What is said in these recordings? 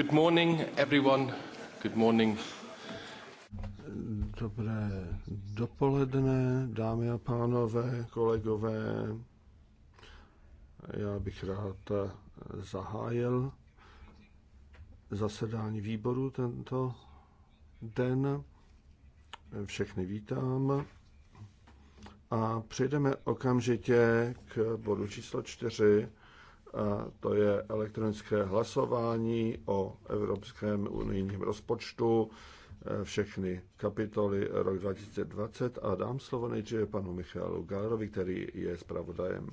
Good morning, everyone. Good morning. Dobré dopoledne, dámy a pánové, kolegové. Já bych rád zahájil zasedání výboru tento den. Všechny vítám. A přejdeme okamžitě k bodu číslo čtyři a to je elektronické hlasování o Evropském unijním rozpočtu, e, všechny kapitoly rok 2020 a dám slovo nejdříve panu Michalu Galerovi, který je zpravodajem.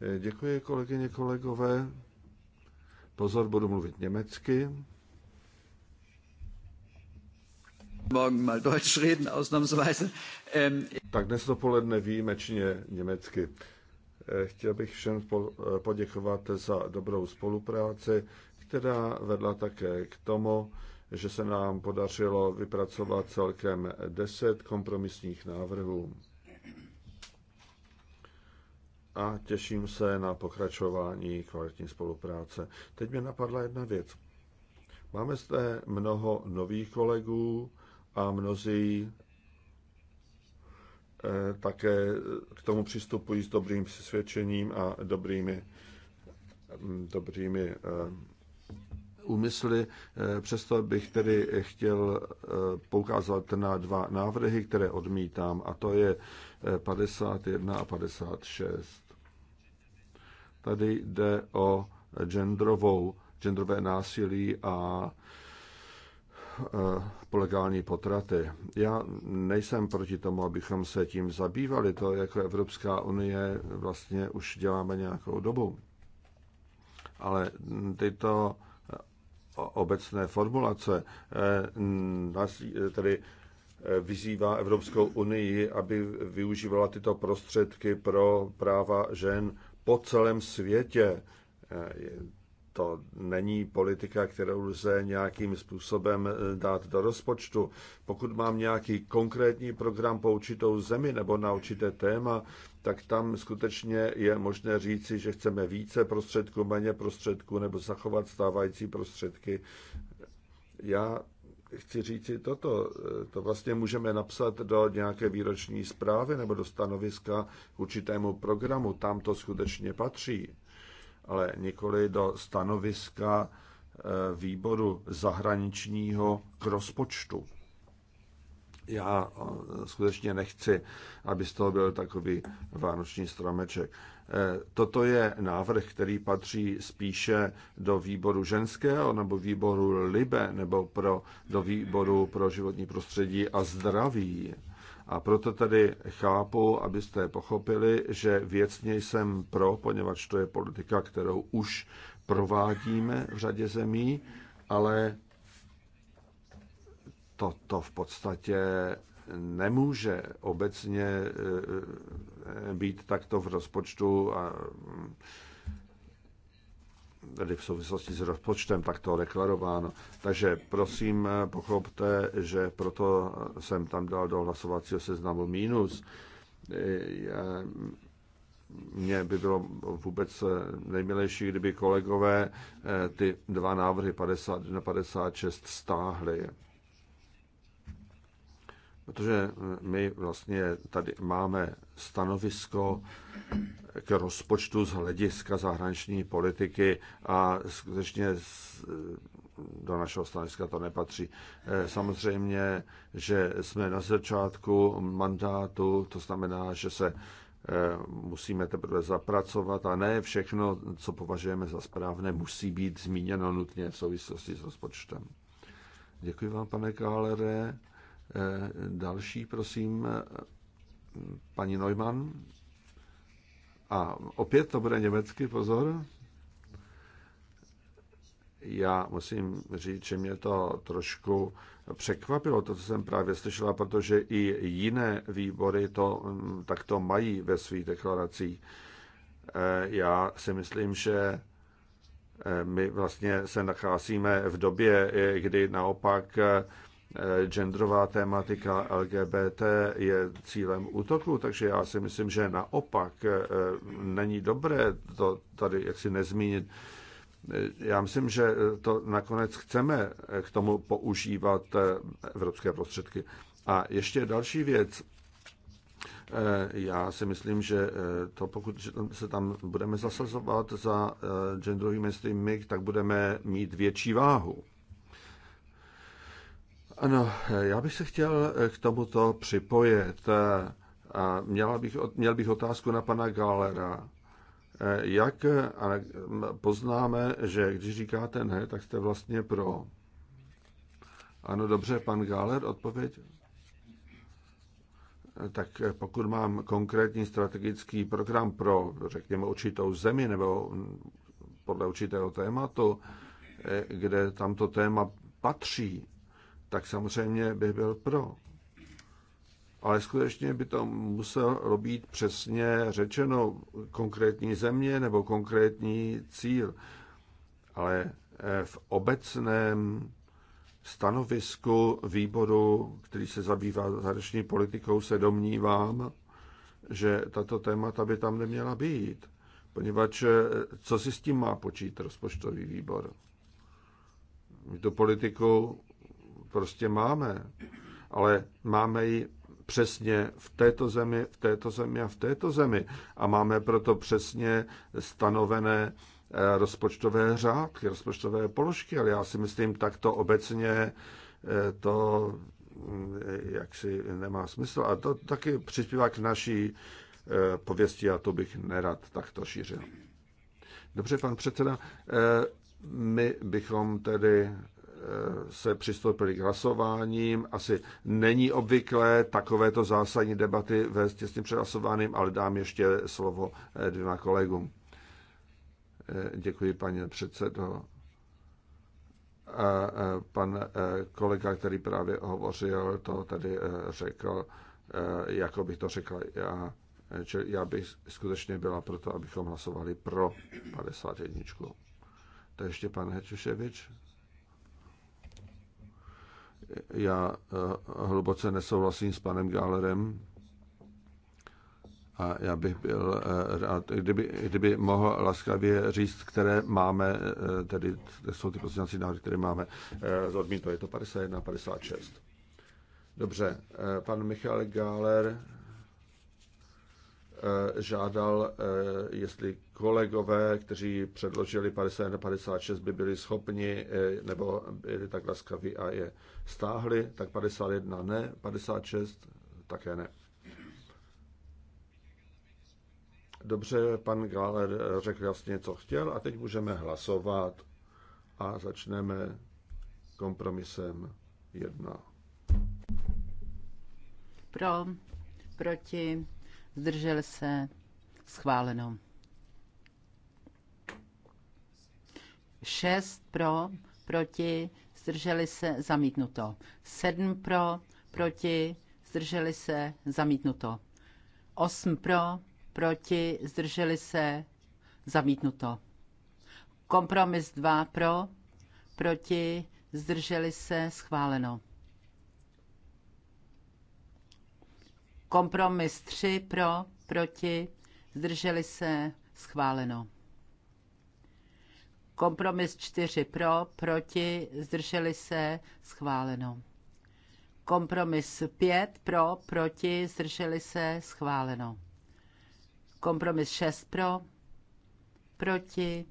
E, děkuji kolegyně, kolegové. Pozor, budu mluvit německy. Morgen mal Deutsch reden, ausnahmsweise. Ähm, tak dnes dopoledne výjimečně německy. Chtěl bych všem poděkovat za dobrou spolupráci, která vedla také k tomu, že se nám podařilo vypracovat celkem 10 kompromisních návrhů. A těším se na pokračování kvalitní spolupráce. Teď mě napadla jedna věc. Máme zde mnoho nových kolegů a mnozí Eh, také k tomu přistupují s dobrým přesvědčením a dobrými, mm, dobrými eh, úmysly. Eh, přesto bych tedy chtěl poukázat na dva návrhy, které odmítám, a to je 51 a 56. Tady jde o genderovou, genderové násilí a Eh, polegální potraty. Já nejsem proti tomu, abychom se tím zabývali. To jako Evropská unie vlastně už děláme nějakou dobu. Ale tyto obecné formulace eh, tedy eh, vyzývá Evropskou unii, aby využívala tyto prostředky pro práva žen po celém světě to není politika, kterou lze nějakým způsobem eh, dát do rozpočtu. Pokud mám nějaký konkrétní program po určitou zemi nebo na určité téma, tak tam skutečně je možné říci, že chceme více prostředků, méně prostředků nebo zachovat stávající prostředky. Já chci říci toto, eh, to vlastně můžeme napsat do nějaké výroční zprávy nebo do stanoviska k určitému programu, tam to skutečně patří ale nikoli do stanoviska eh, výboru zahraničního k rozpočtu. Já eh, skutečně nechci, aby z toho byl takový vánoční stromeček. Eh, toto je návrh, který patří spíše do výboru ženského nebo výboru libe nebo pro, do výboru pro životní prostředí a zdraví. A proto tady chápu, abyste pochopili, že věcně jsem pro, poněvadž to je politika, kterou už provádíme v řadě zemí, ale toto v podstatě nemůže obecně eh, eh, být takto v rozpočtu a tedy v souvislosti s rozpočtem takto deklarováno. Takže prosím, eh, pochopte, že proto jsem tam dal do hlasovacího seznamu mínus. Eh, Mně by bylo vůbec eh, nejmilejší, kdyby kolegové ty dva návrhy 50 na 56 stáhli. Protože my vlastně tady máme stanovisko k rozpočtu z hlediska zahraniční politiky a skutečně do našeho stanoviska to nepatří. E, samozřejmě, že jsme na začátku mandátu, to znamená, že se e, musíme teprve zapracovat a ne všechno, co považujeme za správné, musí být zmíněno nutně v souvislosti s rozpočtem. Děkuji vám, pane Kálere. E, další, prosím, paní Neumann. A opět to bude německy, pozor. Já musím říct, že mě to trošku překvapilo, to, co jsem právě slyšela, protože i jiné výbory to mm, takto mají ve svých deklaracích. Eh, já si myslím, že eh, my vlastně se nacházíme v době, eh, kdy naopak Eh, genderová tématika LGBT je cílem útoku, takže já si myslím, že naopak eh, není dobré to tady jaksi nezmínit. Eh, já myslím, že to nakonec chceme k tomu používat evropské prostředky. A ještě další věc. Já si myslím, že to, pokud se tam budeme zasazovat za genderový mainstreaming, tak budeme mít větší váhu. Ano, já bych se chtěl eh, k tomuto připojit. Eh, a měla bych, měl bych otázku na pana Galera. Eh, jak poznáme, že když říkáte ne, tak jste vlastně pro? Ano, dobře, pan Galer, odpověď? Tak pokud mám konkrétní strategický program pro, řekněme, určitou zemi nebo mm, podle určitého tématu, kde tamto téma patří, tak samozřejmě bych byl pro. Ale skutečně by to muselo být přesně řečeno konkrétní země nebo konkrétní cíl. Ale eh, v obecném stanovisku výboru, který se zabývá zahraniční politikou, se domnívám, že tato témata by tam neměla být. Poněvadž eh, co si s tím má počít rozpočtový výbor? My tu politiku prostě máme. Ale máme ji přesně v této zemi, v této zemi a v této zemi. A máme proto přesně stanovené eh, rozpočtové řádky, rozpočtové položky, ale já si myslím, takto obecně eh, to mm, jaksi nemá smysl. A to taky přispívá k naší eh, pověsti a to bych nerad takto šířil. Dobře, pan předseda, my bychom tedy se přistoupili k hlasováním. Asi není obvyklé takovéto zásadní debaty vést těsně před hlasováním, ale dám ještě slovo eh, dvěma kolegům. Eh, děkuji, paní předsedo. A eh, pan kolega, který právě hovořil, to tady řekl, jako bych to řekl já. Já bych skutečně byla proto, abychom hlasovali pro 51. To ještě pan Hečuševič. Já eh, hluboce nesouhlasím s panem Gálerem. A já bych byl eh, rád, kdyby, kdyby mohl laskavě říct, které máme, eh, tedy jsou ty pozměňovací návrhy, které máme z odmítu, Je to 51 56. Dobře, pan Michal Gáler Eh, žádal, eh, jestli kolegové, kteří předložili 51 56, by byli schopni eh, nebo byli tak laskaví a je stáhli, tak 51 ne, 56 také ne. Dobře, pan Galer řekl jasně, co chtěl a teď můžeme hlasovat a začneme kompromisem 1. Pro, proti, zdržel se, schváleno. 6 pro, proti, zdrželi se, zamítnuto. 7 pro, proti, zdrželi se, zamítnuto. 8 pro, proti, zdrželi se, zamítnuto. Kompromis 2 pro, proti, zdrželi se, schváleno. Kompromis 3 pro, proti, zdrželi se, schváleno. Kompromis 4 pro, proti, zdrželi se, schváleno. Kompromis 5 pro, proti, zdrželi se, schváleno. Kompromis 6 pro, proti,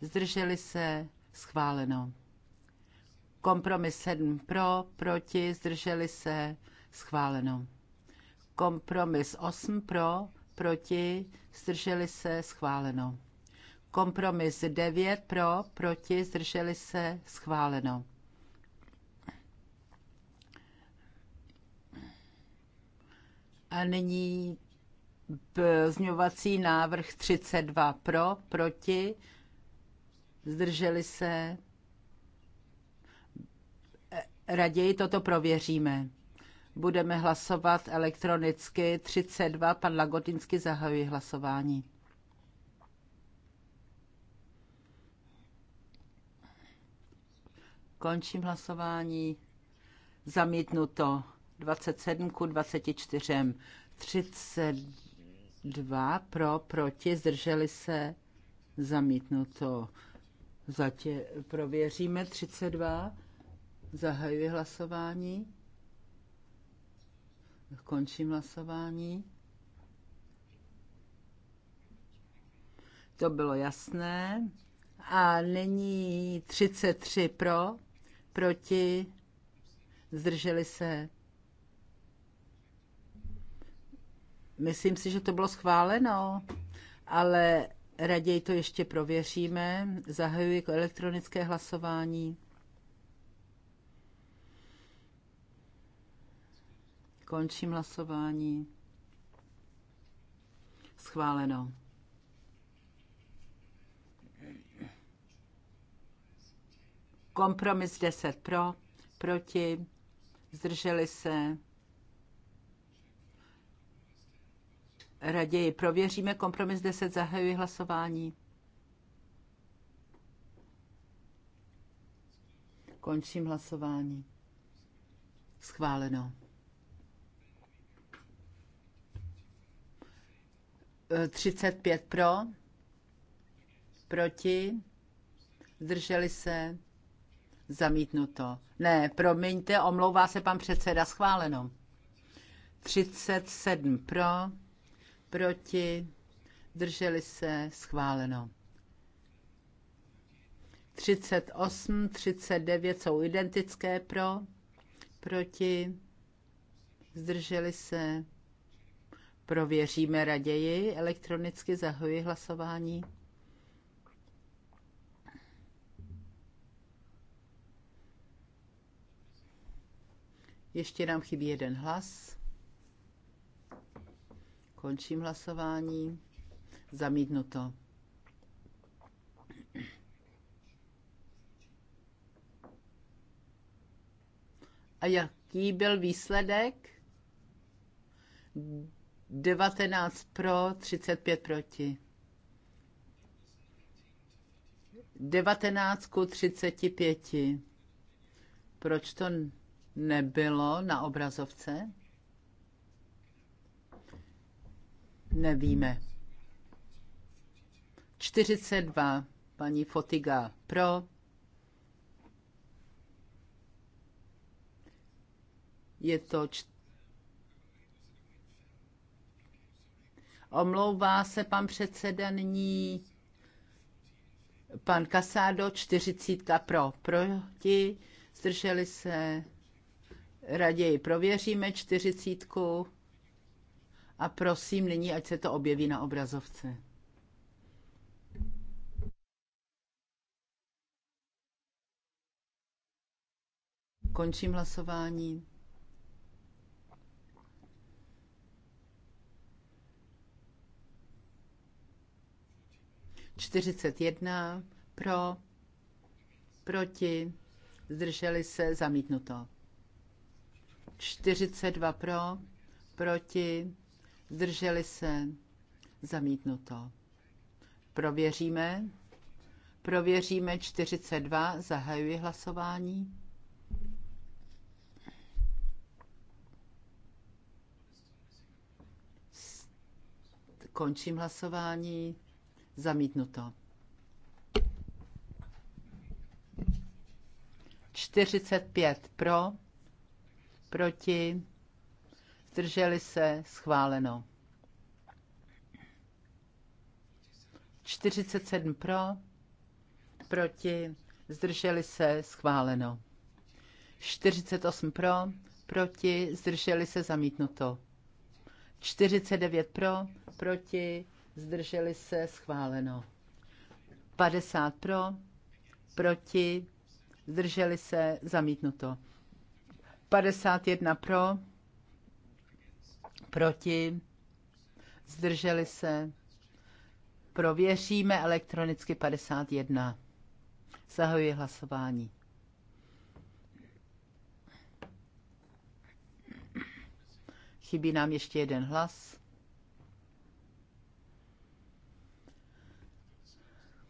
zdrželi se, schváleno. Kompromis 7 pro, proti, zdrželi se, schváleno. Kompromis 8 pro, proti, zdrželi se, schváleno. Kompromis 9 pro, proti, zdrželi se, schváleno. A nyní zňovací návrh 32 pro, proti, zdrželi se. Raději toto prověříme. Budeme hlasovat elektronicky. 32, pan Lagodinsky zahajuje hlasování. Končím hlasování. Zamítnuto 27 ku 24. 32 pro, proti, zdrželi se. Zamítnuto. Zatě prověříme 32. Zahajuji hlasování. Končím hlasování. To bylo jasné. A nyní 33 pro, proti, zdrželi se. Myslím si, že to bylo schváleno, ale raději to ještě prověříme. Zahajuji elektronické hlasování. Končím hlasování. Schváleno. Kompromis 10 pro, proti, zdrželi se. Raději prověříme kompromis 10, zahajuji hlasování. Končím hlasování. Schváleno. 35 pro, proti, zdrželi se, zamítnuto. Ne, promiňte, omlouvá se pan předseda, schváleno. 37 pro, proti, zdrželi se, schváleno. 38, 39 jsou identické pro, proti, zdrželi se, Prověříme raději. Elektronicky zahoji hlasování. Ještě nám chybí jeden hlas. Končím hlasování. Zamítnu to. A jaký byl výsledek? 19 pro, 35 proti. 19 ku 35. Proč to nebylo na obrazovce? Nevíme. 42. Paní Fotiga pro. Je to Omlouvá se pan předseda nyní pan Kasádo, 40 pro, proti, zdrželi se, raději prověříme 40 a prosím nyní, ať se to objeví na obrazovce. Končím hlasování. 41 pro, proti, zdrželi se, zamítnuto. 42 pro, proti, zdrželi se, zamítnuto. Prověříme. Prověříme 42, zahajuji hlasování. Končím hlasování. Zamítnuto. 45 pro, proti, zdrželi se, schváleno. 47 pro, proti, zdrželi se, schváleno. 48 pro, proti, zdrželi se, zamítnuto. 49 pro, proti, zdrželi se, schváleno. 50 pro, proti, zdrželi se, zamítnuto. 51 pro, proti, zdrželi se. Prověříme elektronicky 51. Zahajuji hlasování. Chybí nám ještě jeden hlas.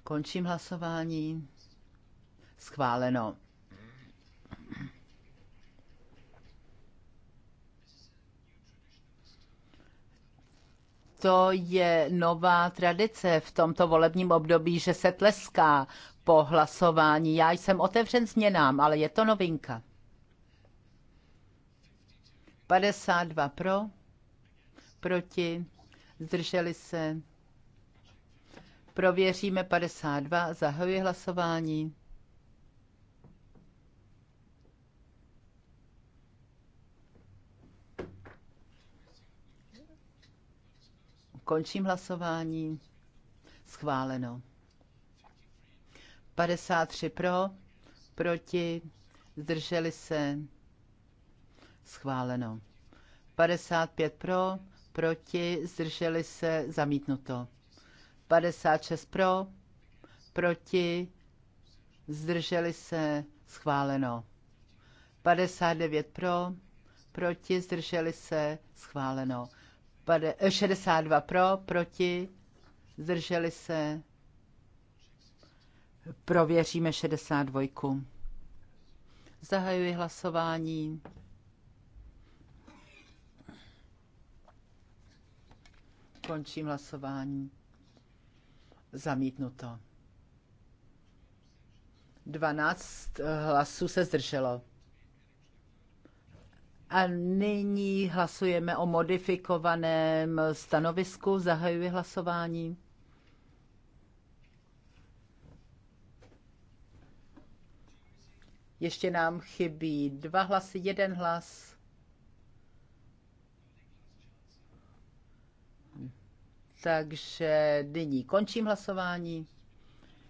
Končím hlasování. Schváleno. To je nová tradice v tomto volebním období, že se tleská po hlasování. Já jsem otevřen změnám, ale je to novinka. 52 pro, proti, zdrželi se. Prověříme 52. Zahajuji hlasování. Končím hlasování. Schváleno. 53 pro, proti, zdrželi se. Schváleno. 55 pro, proti, zdrželi se, zamítnuto. 56 pro, proti, zdrželi se, schváleno. 59 pro, proti, zdrželi se, schváleno. 62 eh, pro, proti, zdrželi se. Prověříme 62. Zahajuji hlasování. Končím hlasování. Zamítnuto. 12 hlasů se zdrželo. A nyní hlasujeme o modifikovaném stanovisku. Zahajuji hlasování. Ještě nám chybí dva hlasy, jeden hlas. Takže nyní končím hlasování.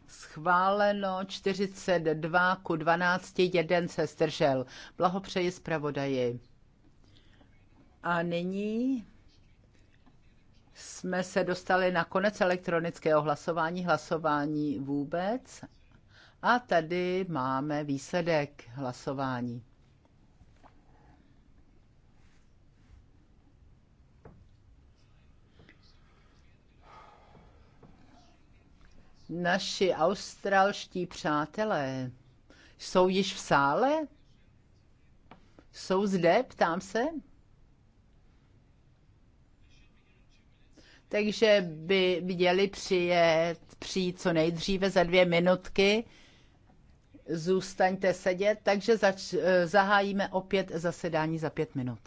Schváleno 42 ku 12, jeden se zdržel. Blahopřeji zpravodaji. A nyní jsme se dostali na konec elektronického hlasování, hlasování vůbec. A tady máme výsledek hlasování. Naši australští přátelé jsou již v sále? Jsou zde, ptám se? Takže by měli přijet, přijít co nejdříve za dvě minutky. Zůstaňte sedět, takže zač- eh, zahájíme opět zasedání za pět minut.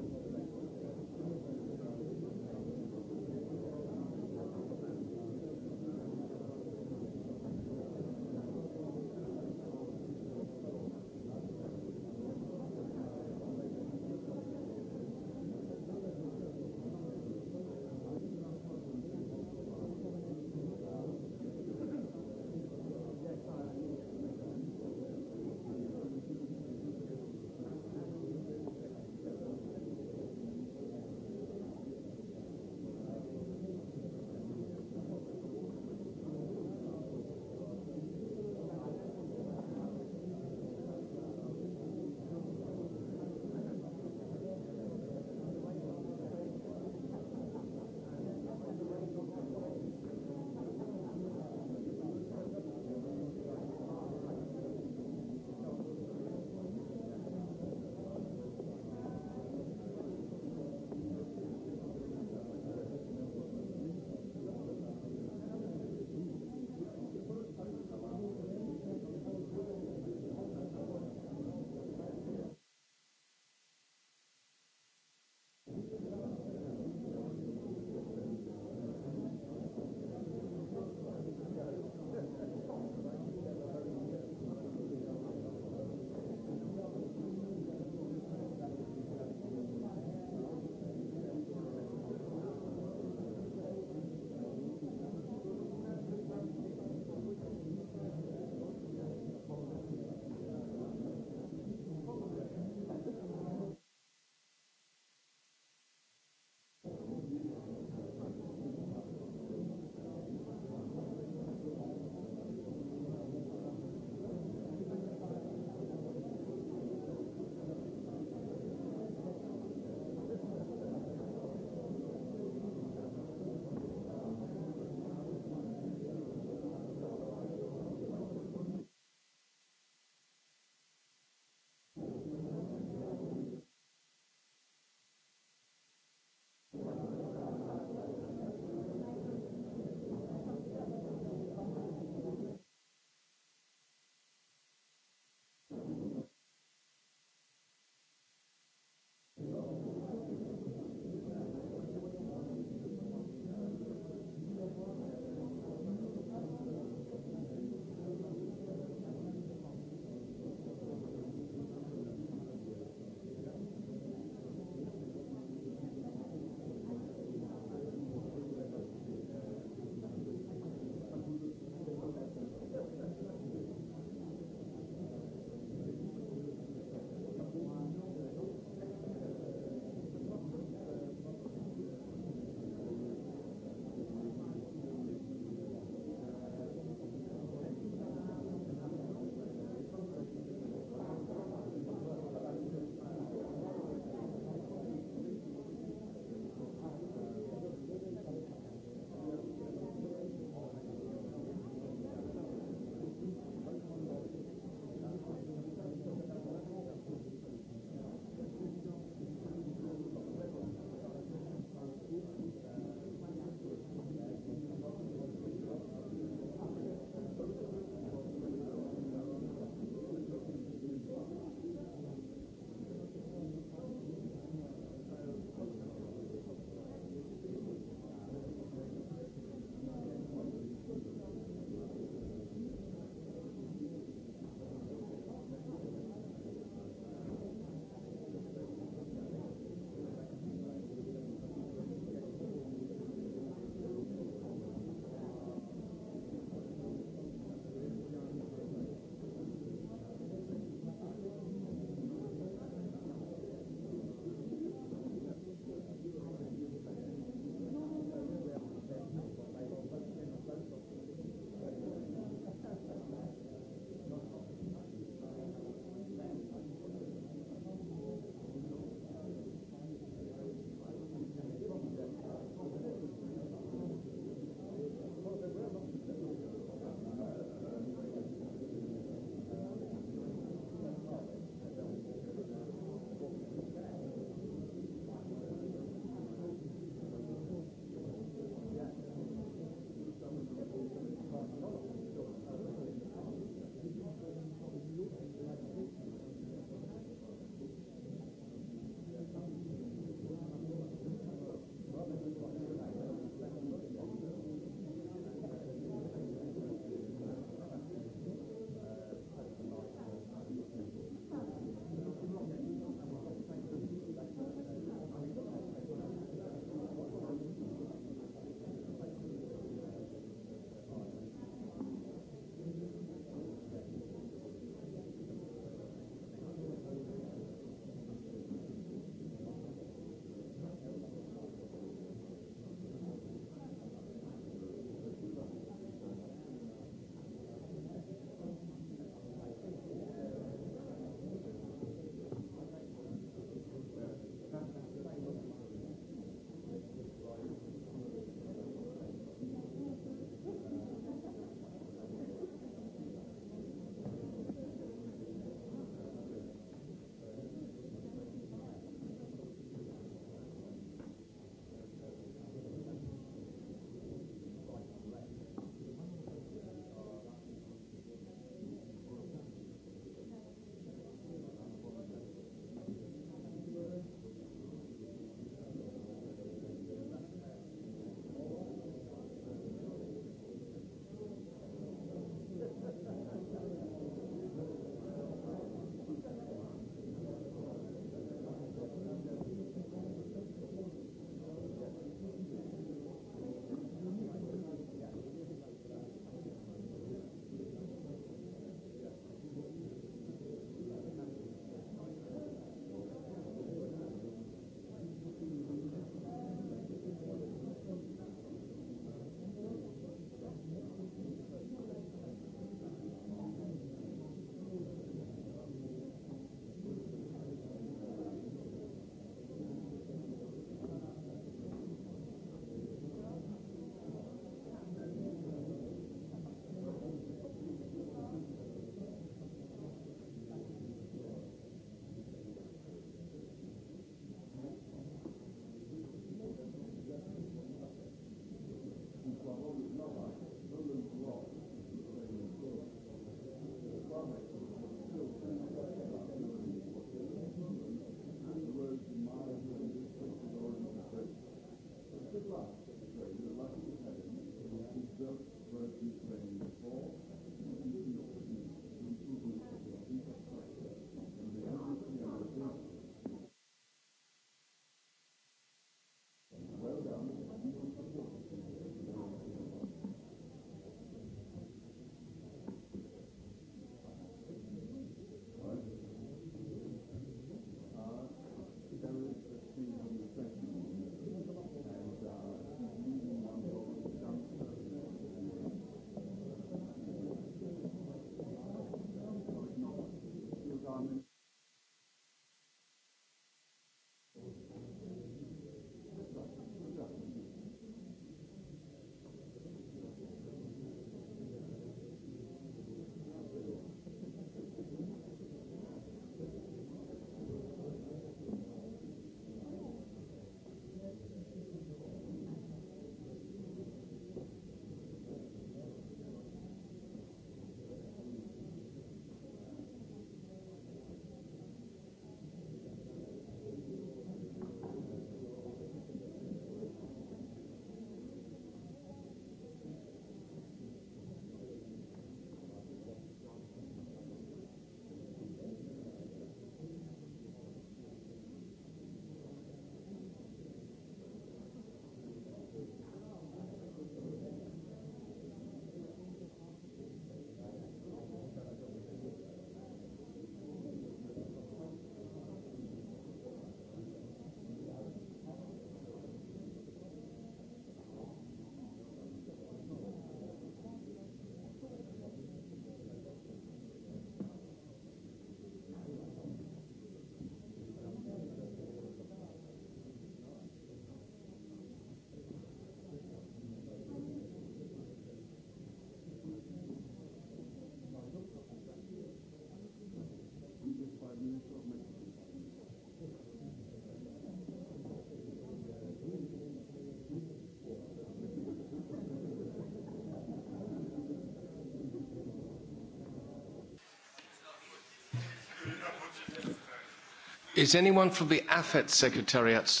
Is anyone from the AFET secretariat?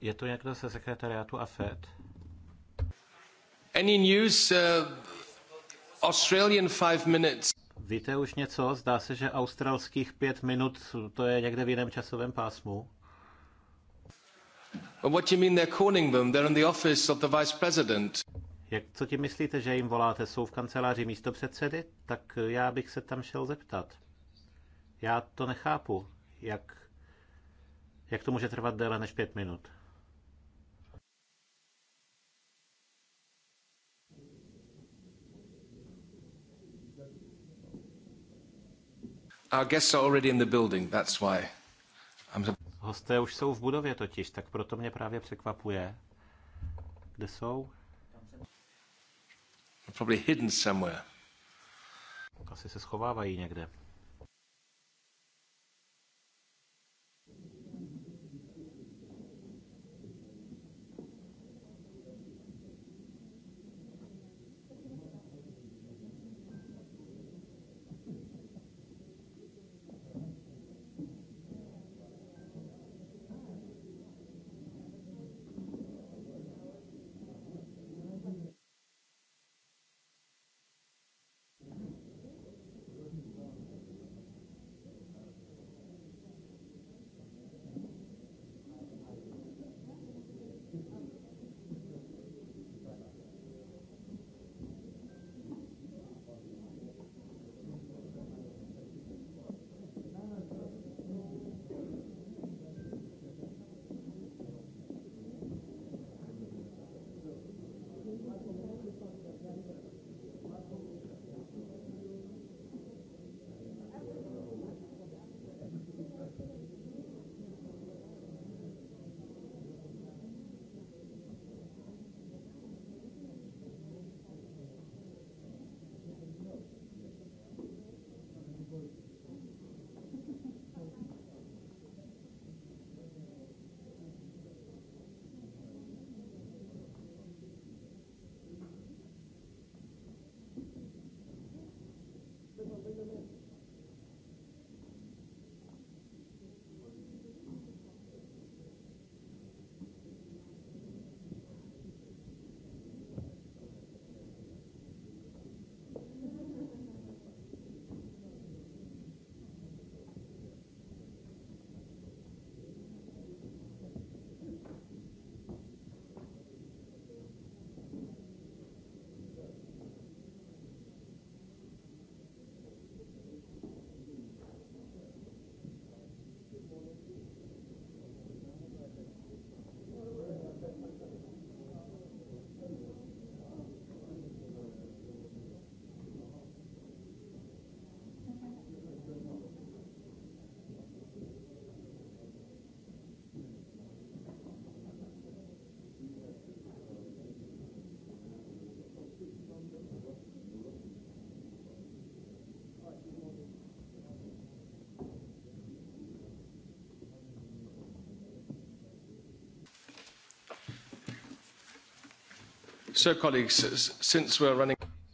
Je tu někdo ze sekretariátu AFET? Any news? Uh, Australian five minutes. Víte už něco? Zdá se, že australských pět minut to je někde v jiném časovém pásmu. But what do you mean they're calling them? They're in the office of the vice president. Jak, co ti myslíte, že jim voláte? Jsou v kanceláři místo předsedy? Tak já bych se tam šel zeptat. Já to nechápu. Jak jak to může trvat déle než pět minut? Our guests are already in the building, that's why. I'm... Hosté už jsou v budově totiž, tak proto mě právě překvapuje. Kde jsou? Probably hidden somewhere. Asi se schovávají někde.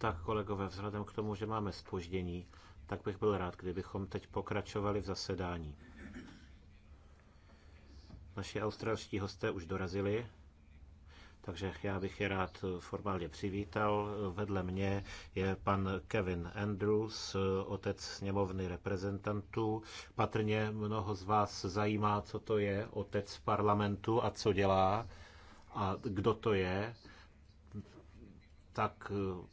Tak kolegové, vzhledem k tomu, že máme spoždění, tak bych byl rád, kdybychom teď pokračovali v zasedání. Naši australští hosté už dorazili, takže já bych je rád formálně přivítal. Vedle mě je pan Kevin Andrews, otec sněmovny reprezentantů. Patrně mnoho z vás zajímá, co to je otec parlamentu a co dělá a kdo to je tak eh,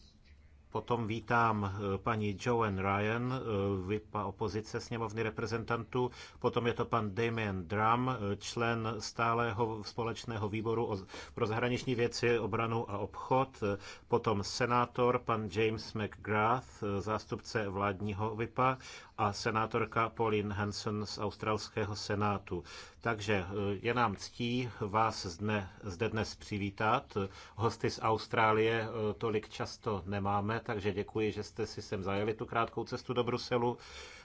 Potom vítám eh, paní Joan Ryan, eh, vypa opozice sněmovny reprezentantů. Potom je to pan Damien Drum, člen stálého společného výboru pro zahraniční věci, obranu a obchod. Potom senátor pan James McGrath, zástupce vládního vypa a senátorka Pauline Hanson z australského senátu. Takže eh, je nám ctí vás dne, zde dnes přivítat. Hosty z Austrálie eh, tolik často nemáme, takže děkuji, že jste si sem zajeli tu krátkou cestu do Bruselu.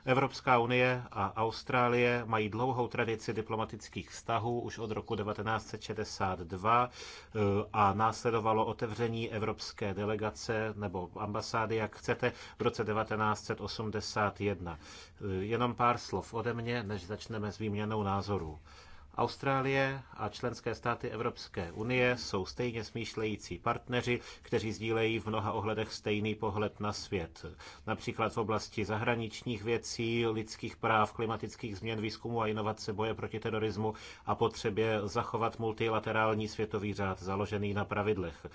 Evropská unie a Austrálie mají dlouhou tradici diplomatických vztahů už od roku 1962 eh, a následovalo otevření evropské delegace nebo ambasády, jak chcete, v roce 1981. Jenom pár slov ode mě, než začneme s výměnou názorů. Austrálie a členské státy Evropské unie jsou stejně smýšlející partneři, kteří sdílejí v mnoha ohledech stejný pohled na svět. Například v oblasti zahraničních věcí, lidských práv, klimatických změn, výzkumu a inovace, boje proti terorismu a potřebě zachovat multilaterální světový řád založený na pravidlech.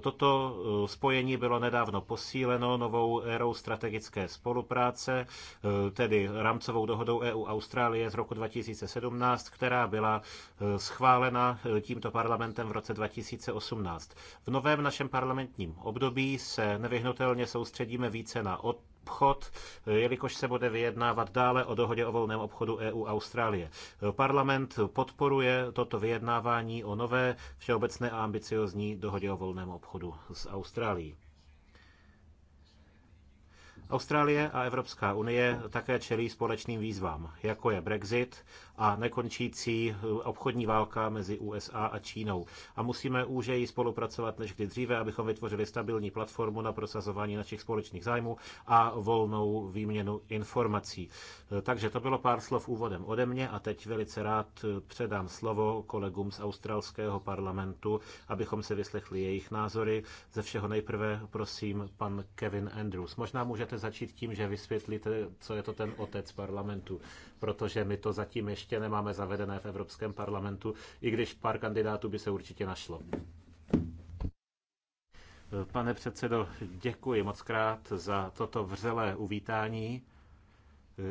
Toto eh, spojení bylo nedávno posíleno novou érou strategické spolupráce, eh, tedy rámcovou dohodou EU-Austrálie z roku 2017, která byla byla eh, schválena eh, tímto parlamentem v roce 2018. V novém našem parlamentním období se nevyhnutelně soustředíme více na od obchod, eh, jelikož se bude vyjednávat dále o dohodě o volném obchodu EU-Austrálie. Parlament podporuje toto vyjednávání o nové všeobecné a ambiciozní dohodě o volném obchodu s Austrálií. Austrálie a Evropská unie také čelí společným výzvám, jako je Brexit, a nekončící eh, obchodní válka mezi USA a Čínou. A musíme úžeji spolupracovat než kdy dříve, abychom vytvořili stabilní platformu na prosazování našich společných zájmů a volnou výměnu informací. Eh, takže to bylo pár slov úvodem ode mě a teď velice rád eh, předám slovo kolegům z australského parlamentu, abychom se vyslechli jejich názory. Ze všeho nejprve prosím pan Kevin Andrews. Možná můžete začít tím, že vysvětlíte, co je to ten otec parlamentu, protože my to zatím ještě ještě nemáme zavedené v Evropském parlamentu, i když pár kandidátů by se určitě našlo. Pane předsedo, děkuji moc krát za toto vřelé uvítání.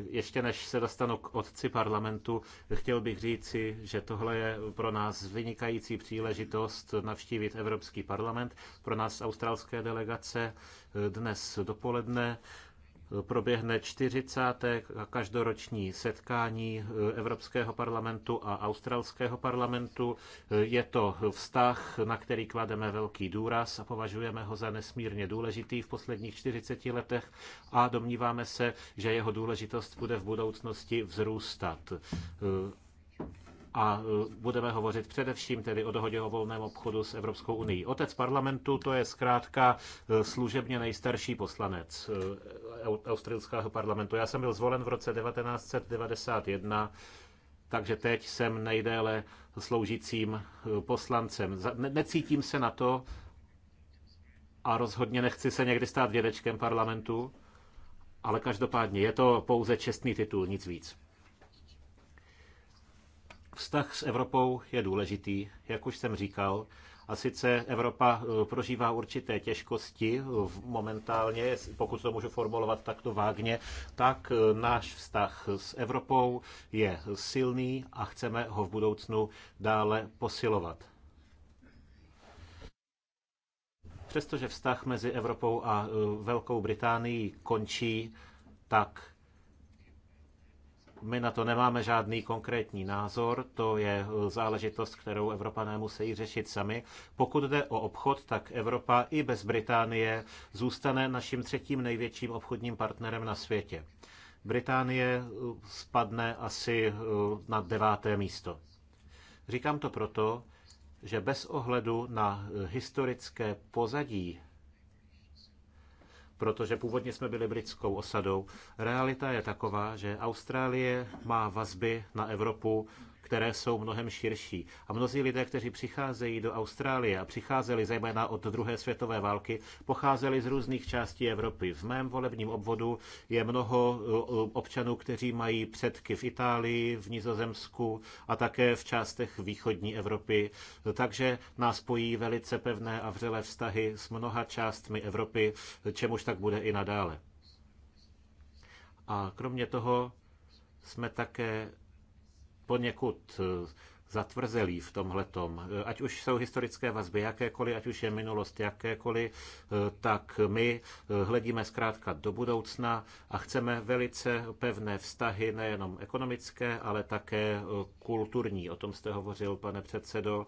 Ještě než se dostanu k otci parlamentu, chtěl bych říci, že tohle je pro nás vynikající příležitost navštívit Evropský parlament, pro nás australské delegace dnes dopoledne proběhne 40. každoroční setkání eh, Evropského parlamentu a Australského parlamentu. Eh, je to vztah, na který klademe velký důraz a považujeme ho za nesmírně důležitý v posledních 40 letech a domníváme se, že jeho důležitost bude v budoucnosti vzrůstat. Eh, a e, budeme hovořit především tedy o dohodě o volném obchodu s Evropskou unii. Otec parlamentu to je zkrátka e, služebně nejstarší poslanec e, australského parlamentu. Já jsem byl zvolen v roce 1991 takže teď jsem nejdéle sloužícím poslancem. Necítím se na to a rozhodně nechci se někdy stát vědečkem parlamentu, ale každopádně je to pouze čestný titul, nic víc. Vztah s Evropou je důležitý, jak už jsem říkal. A sice Evropa eh, prožívá určité těžkosti eh, momentálně, pokud to můžu formulovat takto vágně, tak eh, náš vztah s Evropou je silný a chceme ho v budoucnu dále posilovat. Přestože vztah mezi Evropou a Velkou Británií končí, tak my na to nemáme žádný konkrétní názor, to je záležitost, kterou Evropané musí řešit sami. Pokud jde o obchod, tak Evropa i bez Británie zůstane naším třetím největším obchodním partnerem na světě. Británie eh, spadne asi eh, na deváté místo. Říkám to proto, že bez ohledu na eh, historické pozadí protože původně jsme byli britskou osadou. Realita je taková, že Austrálie má vazby na Evropu které jsou mnohem širší. A mnozí lidé, kteří přicházejí do Austrálie a přicházeli zejména od druhé světové války, pocházeli z různých částí Evropy. V mém volebním obvodu je mnoho eh, občanů, kteří mají předky v Itálii, v Nizozemsku a také v částech východní Evropy. Takže nás spojí velice pevné a vřelé vztahy s mnoha částmi Evropy, čemuž tak bude i nadále. A kromě toho jsme také poněkud eh, zatvrzelý v tomhletom. Eh, ať už jsou historické vazby jakékoliv, ať už je minulost jakékoliv, eh, tak my hledíme zkrátka do budoucna a chceme velice pevné vztahy, nejenom ekonomické, ale také kulturní. O tom jste hovořil, pane předsedo.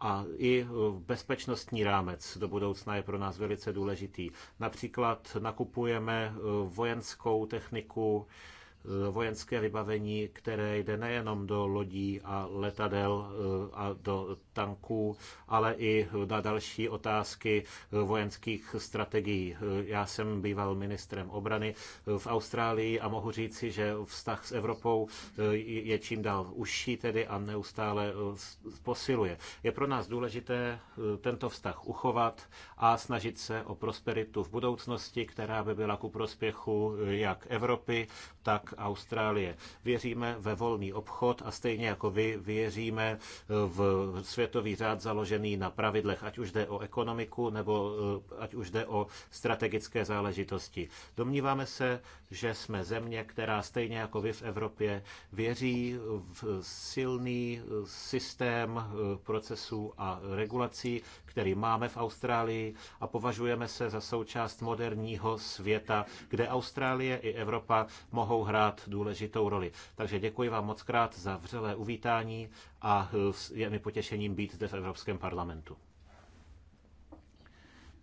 A i bezpečnostní rámec do budoucna je pro nás velice důležitý. Například nakupujeme vojenskou techniku, vojenské vybavení, které jde nejenom do lodí a letadel e, a do tanků, ale i na další otázky vojenských strategií. Já jsem býval ministrem obrany v Austrálii a mohu říci, že vztah s Evropou eh, je čím dál užší tedy a neustále eh, posiluje. Je pro nás důležité eh, tento vztah uchovat a snažit se o prosperitu v budoucnosti, která by byla ku prospěchu jak Evropy, tak Austrálie. Věříme ve volný obchod a stejně jako vy věříme v svět světový řád založený na pravidlech, ať už jde o ekonomiku nebo eh, ať už jde o strategické záležitosti. Domníváme se, že jsme země, která stejně jako vy v Evropě věří v silný eh, systém eh, procesů a regulací, který máme v Austrálii a považujeme se za součást moderního světa, kde Austrálie i Evropa mohou hrát důležitou roli. Takže děkuji vám moc krát za vřelé uvítání a eh, je mi potěšením být zde v Evropském parlamentu.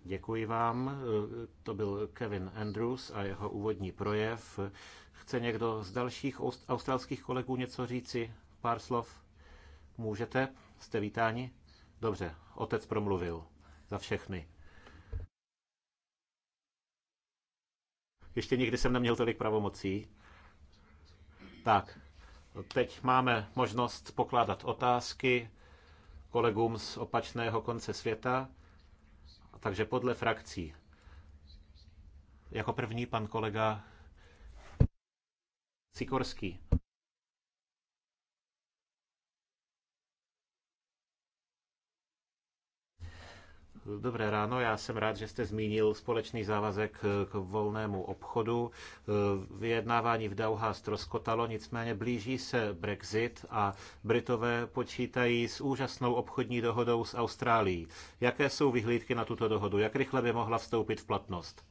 Děkuji vám. Eh, to byl Kevin Andrews a jeho úvodní projev. Chce někdo z dalších australských kolegů něco říci? Pár slov? Můžete? Jste vítáni? Dobře, otec promluvil za všechny. Ještě nikdy jsem neměl tolik pravomocí. Tak, Teď máme možnost pokládat otázky kolegům z opačného konce světa, takže podle frakcí. Jako první pan kolega Sikorský. Dobré ráno, já jsem rád, že jste zmínil společný závazek eh, k volnému obchodu. Eh, vyjednávání v Dauha ztroskotalo, nicméně blíží se Brexit a Britové počítají s úžasnou obchodní dohodou s Austrálií. Jaké jsou vyhlídky na tuto dohodu? Jak rychle by mohla vstoupit v platnost?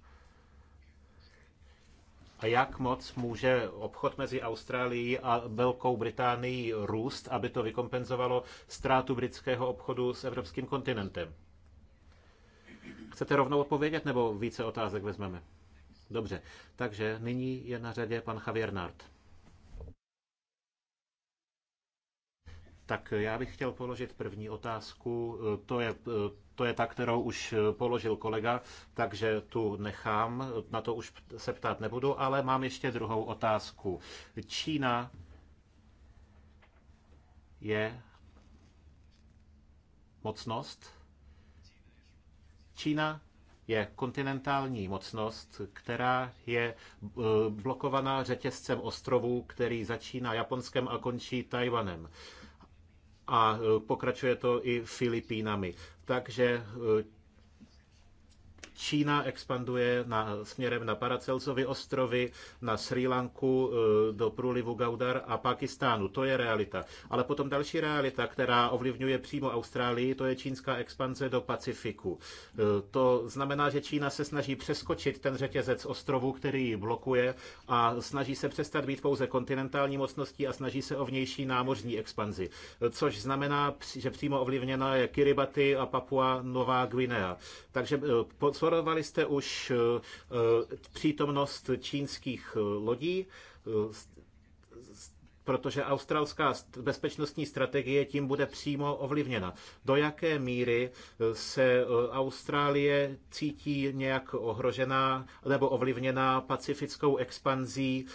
A jak moc může obchod mezi Austrálií a Velkou Británií růst, aby to vykompenzovalo ztrátu britského obchodu s evropským kontinentem? Chcete rovnou odpovědět nebo více otázek vezmeme? Dobře, takže nyní je na řadě pan Javier Nart. Tak já bych chtěl položit první otázku. To je, to je ta, kterou už položil kolega, takže tu nechám. Na to už se ptát nebudu, ale mám ještě druhou otázku. Čína je mocnost? Čína je kontinentální mocnost, která je eh, blokovaná řetězcem ostrovů, který začíná Japonskem a končí Tajvanem. A eh, pokračuje to i Filipínami. Takže eh, Čína expanduje na, směrem na Paracelsovy ostrovy, na Sri Lanku, e, do průlivu Gaudar a Pakistánu. To je realita. Ale potom další realita, která ovlivňuje přímo Austrálii, to je čínská expanze do Pacifiku. E, to znamená, že Čína se snaží přeskočit ten řetězec ostrovů, který ji blokuje a snaží se přestat být pouze kontinentální mocností a snaží se o vnější námořní expanzi. E, což znamená, že přímo ovlivněna je Kiribati a Papua Nová Guinea. Takže po, Pozorovali jste už eh, eh, přítomnost čínských eh, lodí, protože australská bezpečnostní strategie tím bude přímo ovlivněna. Do jaké míry se Austrálie cítí nějak ohrožená nebo ovlivněná pacifickou expanzí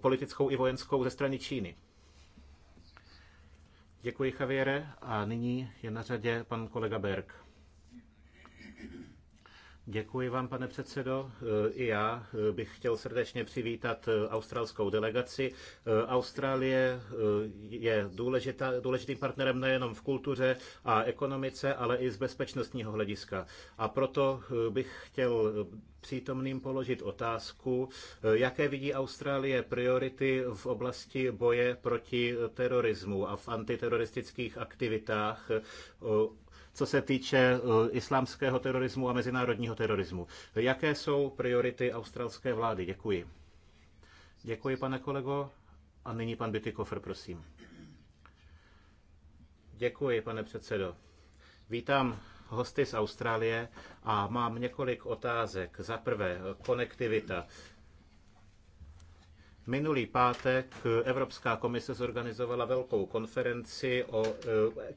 politickou i vojenskou ze strany Číny? Děkuji, Javiere. A nyní je na řadě pan kolega Berg. Děkuji vám, pane předsedo. E, I já e, bych chtěl srdečně přivítat e, australskou delegaci. Austrálie je důležitá, důležitým partnerem nejenom v kultuře a ekonomice, ale i z bezpečnostního hlediska. A proto bych chtěl přítomným položit otázku, jaké vidí Austrálie priority v oblasti boje proti terorismu a v antiteroristických aktivitách, co se týče eh, islámského terorismu a mezinárodního terorismu. Jaké jsou priority australské vlády? Děkuji. Děkuji, pane kolego. A nyní pan Bytykofer, prosím. Děkuji, pane předsedo. Vítám hosty z Austrálie a mám několik otázek. Za prvé, konektivita. Minulý pátek Evropská komise zorganizovala velkou konferenci o e,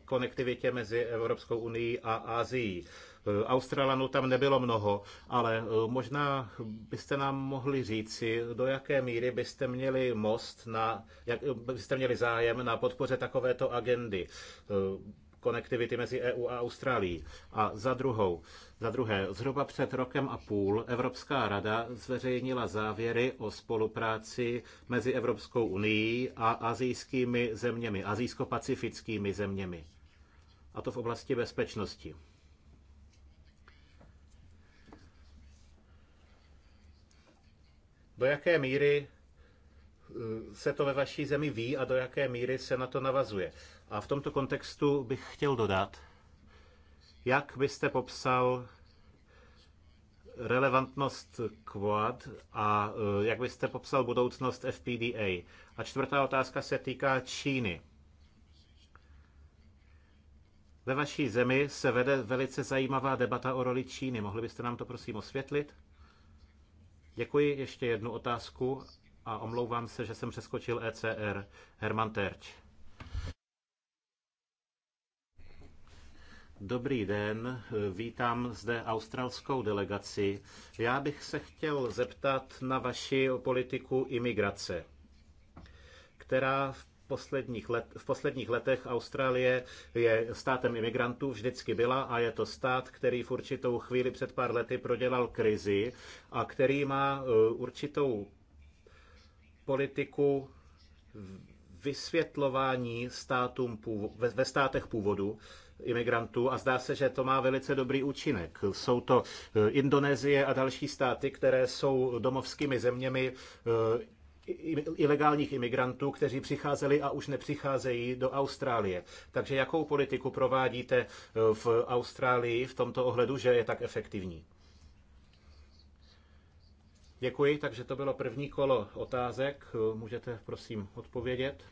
konektivitě mezi Evropskou unii a Ázií. E, Australanů tam nebylo mnoho, ale e, možná byste nám mohli říci, do jaké míry byste měli most na, jak byste měli zájem na podpoře takovéto agendy konektivity mezi EU a Austrálií. A za druhou, za druhé, zhruba před rokem a půl Evropská rada zveřejnila závěry o spolupráci mezi Evropskou unii a azijskými zeměmi, azijsko-pacifickými zeměmi. A to v oblasti bezpečnosti. Do jaké míry eh, se to ve vaší zemi ví a do jaké míry se na to navazuje? A v tomto kontextu bych chtěl dodat, jak byste popsal relevantnost Quad a eh, jak byste popsal budoucnost FPDA? A čtvrtá otázka se týká Číny. Ve vaší zemi se vede velice zajímavá debata o roli Číny. Mohli byste nám to prosím osvětlit? Děkuji, ještě jednu otázku a omlouvám se, že jsem přeskočil ECR. Herman Terč. Dobrý den, vítám zde australskou delegaci. Já bych se chtěl zeptat na vaši politiku imigrace, která v posledních let, v posledních letech Austrálie je státem imigrantů, vždycky byla a je to stát, který v určitou chvíli před pár lety prodělal krizi a který má eh, určitou politiku vysvětlování státům, ve státech původu, imigrantů a zdá se, že to má velice dobrý účinek. Jsou to eh, Indonésie a další státy, které jsou domovskými zeměmi eh, ilegálních imigrantů, kteří přicházeli a už nepřicházejí do Austrálie. Takže jakou politiku provádíte eh, v Austrálii v tomto ohledu, že je tak efektivní? Děkuji, takže to bylo první kolo otázek. Můžete prosím odpovědět.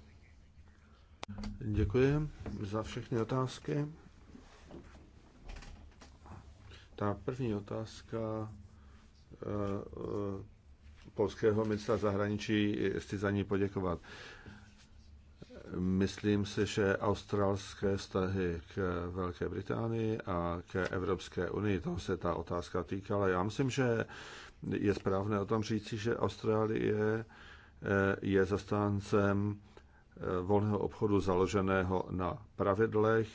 Děkuji za všechny otázky. Ta první otázka eh, eh, polského ministra zahraničí jestli za ní poděkovat. Myslím si, že australské vztahy k Velké Británii a k Evropské unii, toho se ta otázka týkala. Já myslím, že je správné o tom říci, že Austrálie eh, je zastáncem Eh, volného obchodu založeného na pravidlech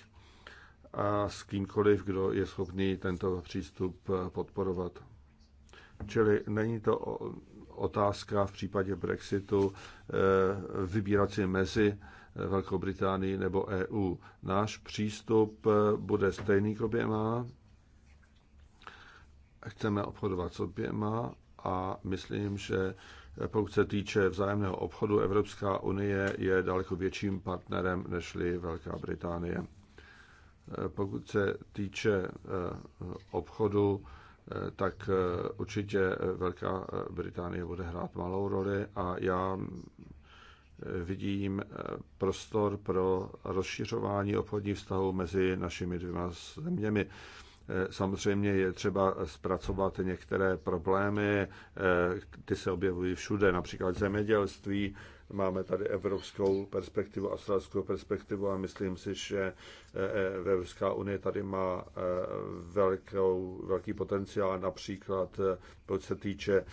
a s kýmkoliv, kdo je schopný tento přístup eh, podporovat. Čili není to otázka v případě Brexitu eh, vybírat si mezi Velkou Británii nebo EU. Náš přístup bude stejný k oběma. Chceme obchodovat s oběma a myslím, že pokud se týče vzájemného obchodu, Evropská unie je daleko větším partnerem nežli Velká Británie. Pokud se týče eh, obchodu, eh, tak eh, určitě Velká Británie bude hrát malou roli a já vidím prostor pro rozšiřování obchodních vztahů mezi našimi dvěma zeměmi. Eh, samozřejmě je třeba zpracovat některé problémy, eh, ty se objevují všude, například zemědělství. Máme tady evropskou perspektivu, australskou perspektivu a myslím si, že eh, Evropská unie tady má velkou, velký potenciál, například pokud se týče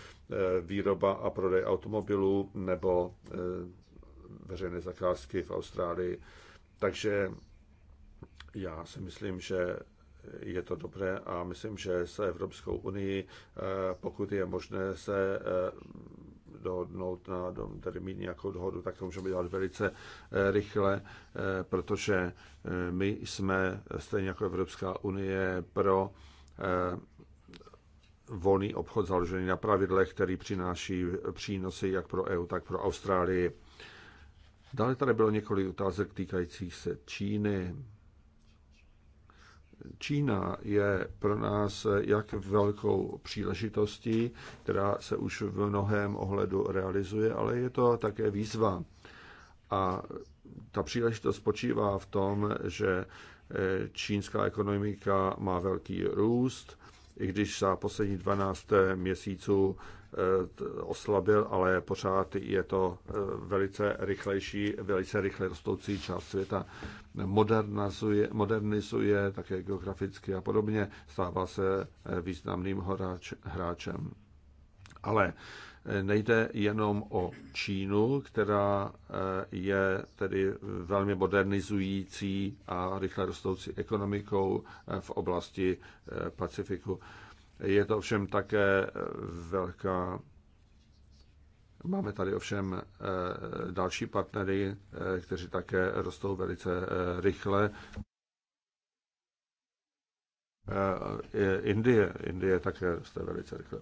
výroba a prodej automobilů nebo veřejné zakázky v Austrálii. Takže já si myslím, že je to dobré a myslím, že se Evropskou unii, eh, pokud je možné se eh, dohodnout na tedy mít nějakou dohodu, tak to můžeme dělat velice eh, rychle, protože my jsme stejně jako Evropská unie pro volný obchod založený na pravidlech, který přináší přínosy jak pro EU, tak pro Austrálii. Dále tady bylo několik otázek týkajících se Číny. Čína je pro nás jak velkou příležitostí, která se už v mnohém ohledu realizuje, ale je to také výzva. A ta příležitost spočívá v tom, že eh, čínská ekonomika má velký růst, i když za poslední 12 eh, měsíců Eh, oslabil, ale pořád je to eh, velice rychlejší, velice rychle rostoucí část světa. Modernizuje, modernizuje také geograficky a podobně, stává se eh, významným hráč, hráčem. Ale nejde jenom o Čínu, která je tedy velmi modernizující a rychle rostoucí ekonomikou v oblasti Pacifiku. Je to ovšem také eh, velká. Máme tady ovšem eh, další partnery, eh, kteří také rostou velice rychle. Indie, Indie také roste velice rychle.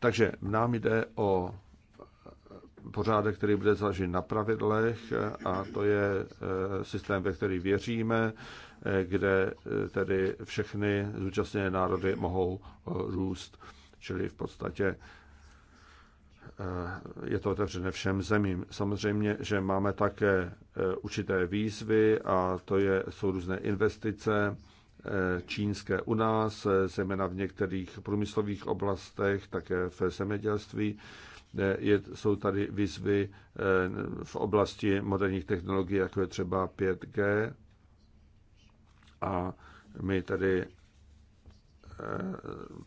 Takže nám jde o pořádek, který bude zažit na pravidlech a to je eh, systém, ve který věříme, eh, kde eh, tedy všechny zúčastněné národy mohou růst. Čili v podstatě je to otevřené všem zemím. Samozřejmě, že máme také určité výzvy a to je, jsou různé investice, čínské u nás, zejména v některých průmyslových oblastech, také v zemědělství je, jsou tady výzvy eh, v oblasti moderních technologií, jako je třeba 5G. A my tady eh,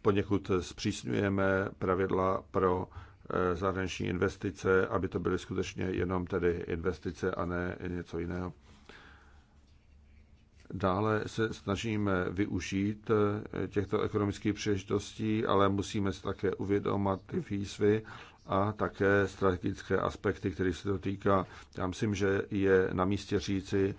poněkud zpřísňujeme pravidla pro eh, zahraniční investice, aby to byly skutečně jenom tedy investice a ne něco jiného. Dále se snažíme využít těchto ekonomických příležitostí, ale musíme se také uvědomat ty výzvy a také strategické aspekty, které se to týká. Já myslím, že je na místě říci,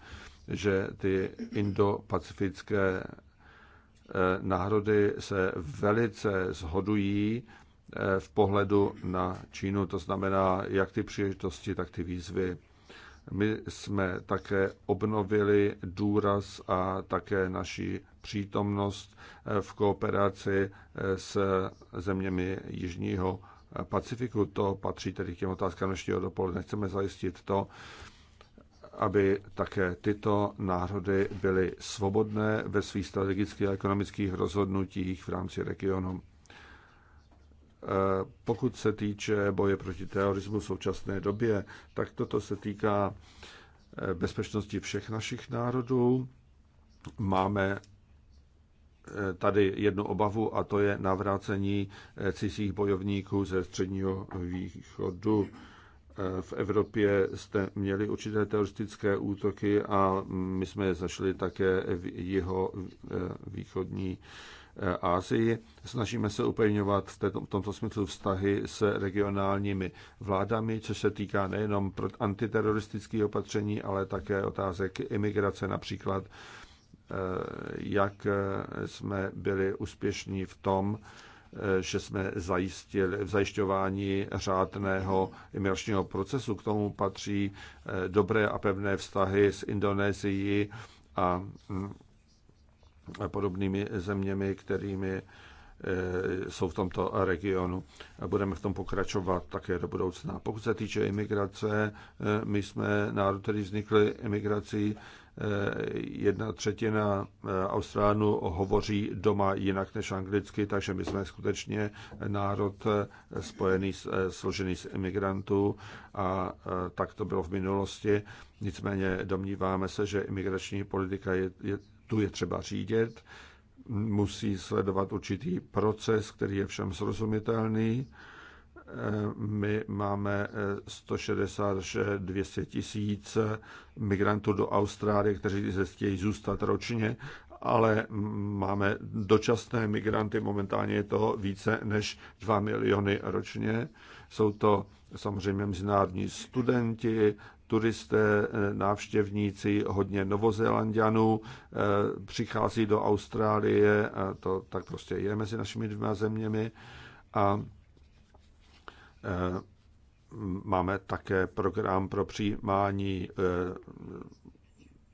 že ty indopacifické eh, národy se velice zhodují eh, v pohledu na Čínu, to znamená jak ty příležitosti, tak ty výzvy. My jsme také obnovili důraz a také naši přítomnost eh, v kooperaci s zeměmi Jižního Pacifiku. To patří tedy k těm otázkám dnešního dopoledne. Chceme zajistit to, aby také tyto národy byly svobodné ve svých strategických a ekonomických rozhodnutích v rámci regionu. E, pokud se týče boje proti terorismu v současné době, tak toto se týká e, bezpečnosti všech našich národů. Máme tady jednu obavu a to je navrácení eh, cizích bojovníků ze středního východu. Eh, v Evropě jste měli určité teroristické útoky a my jsme je zašli také v jeho eh, východní Asii. Snažíme se upevňovat v, této, v tomto smyslu vztahy s regionálními vládami, což se týká nejenom antiteroristických opatření, ale také otázek imigrace například Eh, jak eh, jsme byli úspěšní v tom, eh, že jsme zajistili v zajišťování řádného imigračního procesu. K tomu patří dobré a pevné vztahy s Indonésií a mm, podobnými zeměmi, kterými jsou v tomto regionu. Budeme v tom pokračovat také do budoucna. Pokud se týče imigrace, my jsme národ, který vznikl imigrací, Eh, jedna třetina eh, Austránů hovoří doma jinak než anglicky, takže my jsme skutečně národ eh, spojený, složený z imigrantů a tak to bylo v minulosti. Nicméně domníváme se, že imigrační politika je, je tu je třeba řídit, musí sledovat určitý proces, který je všem srozumitelný my máme 160 eh, až 200 tisíc migrantů do Austrálie, kteří se chtějí zůstat ročně, ale máme dočasné migranty, momentálně je to více než 2 miliony ročně. Jsou to samozřejmě mezinárodní studenti, turisté, eh, návštěvníci, hodně novozélandianů eh, přichází do Austrálie, to tak prostě je mezi našimi dvěma zeměmi. A Eh, máme také program pro přijímání eh,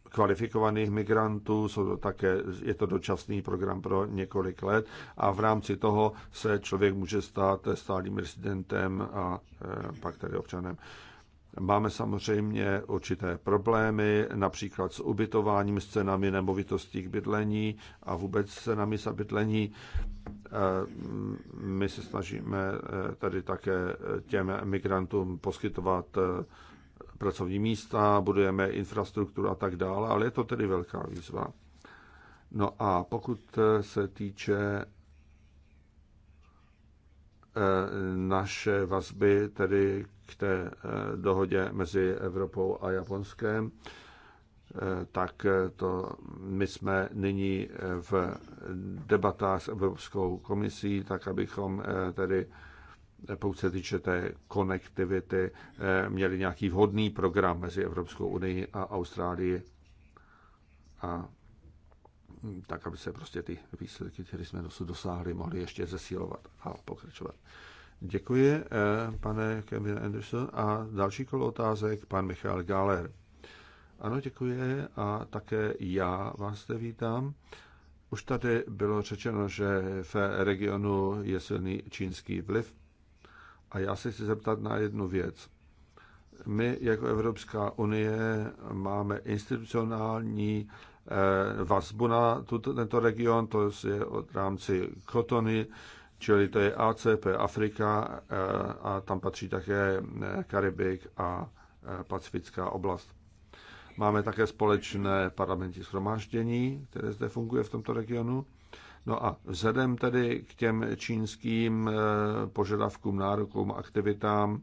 kvalifikovaných migrantů, jsou to také, je to dočasný program pro několik let a v rámci toho se člověk může stát stálým rezidentem a eh, pak tedy občanem. Máme samozřejmě určité problémy, například s ubytováním, s cenami nemovitostí k bydlení a vůbec s cenami za bydlení. Eh, my se snažíme eh, tady také těm migrantům poskytovat eh, pracovní místa, budujeme infrastrukturu a tak dále, ale je to tedy velká výzva. No a pokud se týče naše vazby tedy k té eh, dohodě mezi Evropou a Japonskem, eh, tak eh, to my jsme nyní v debatách s Evropskou komisí, tak abychom tedy pokud se týče té konektivity, měli nějaký vhodný program mezi Evropskou unii a Austrálií a hm, tak, aby se prostě ty výsledky, které jsme dosud dosáhli, mohly ještě zesilovat a pokračovat. Děkuji, eh, pane Kevin Anderson. A další kolo otázek, pan Michal Galer. Ano, děkuji a také já vás zde vítám. Už tady bylo řečeno, že v regionu je silný čínský vliv. A já se chci zeptat na jednu věc. My jako Evropská unie máme institucionální eh, vazbu na tuto, tento region, to je od rámci Kotony, Čili to je ACP Afrika eh, a tam patří také eh, Karibik a eh, Pacifická oblast. Máme také společné parlamentní shromáždění, které zde funguje v tomto regionu. No a vzhledem tedy k těm čínským požadavkům, nárokům, aktivitám,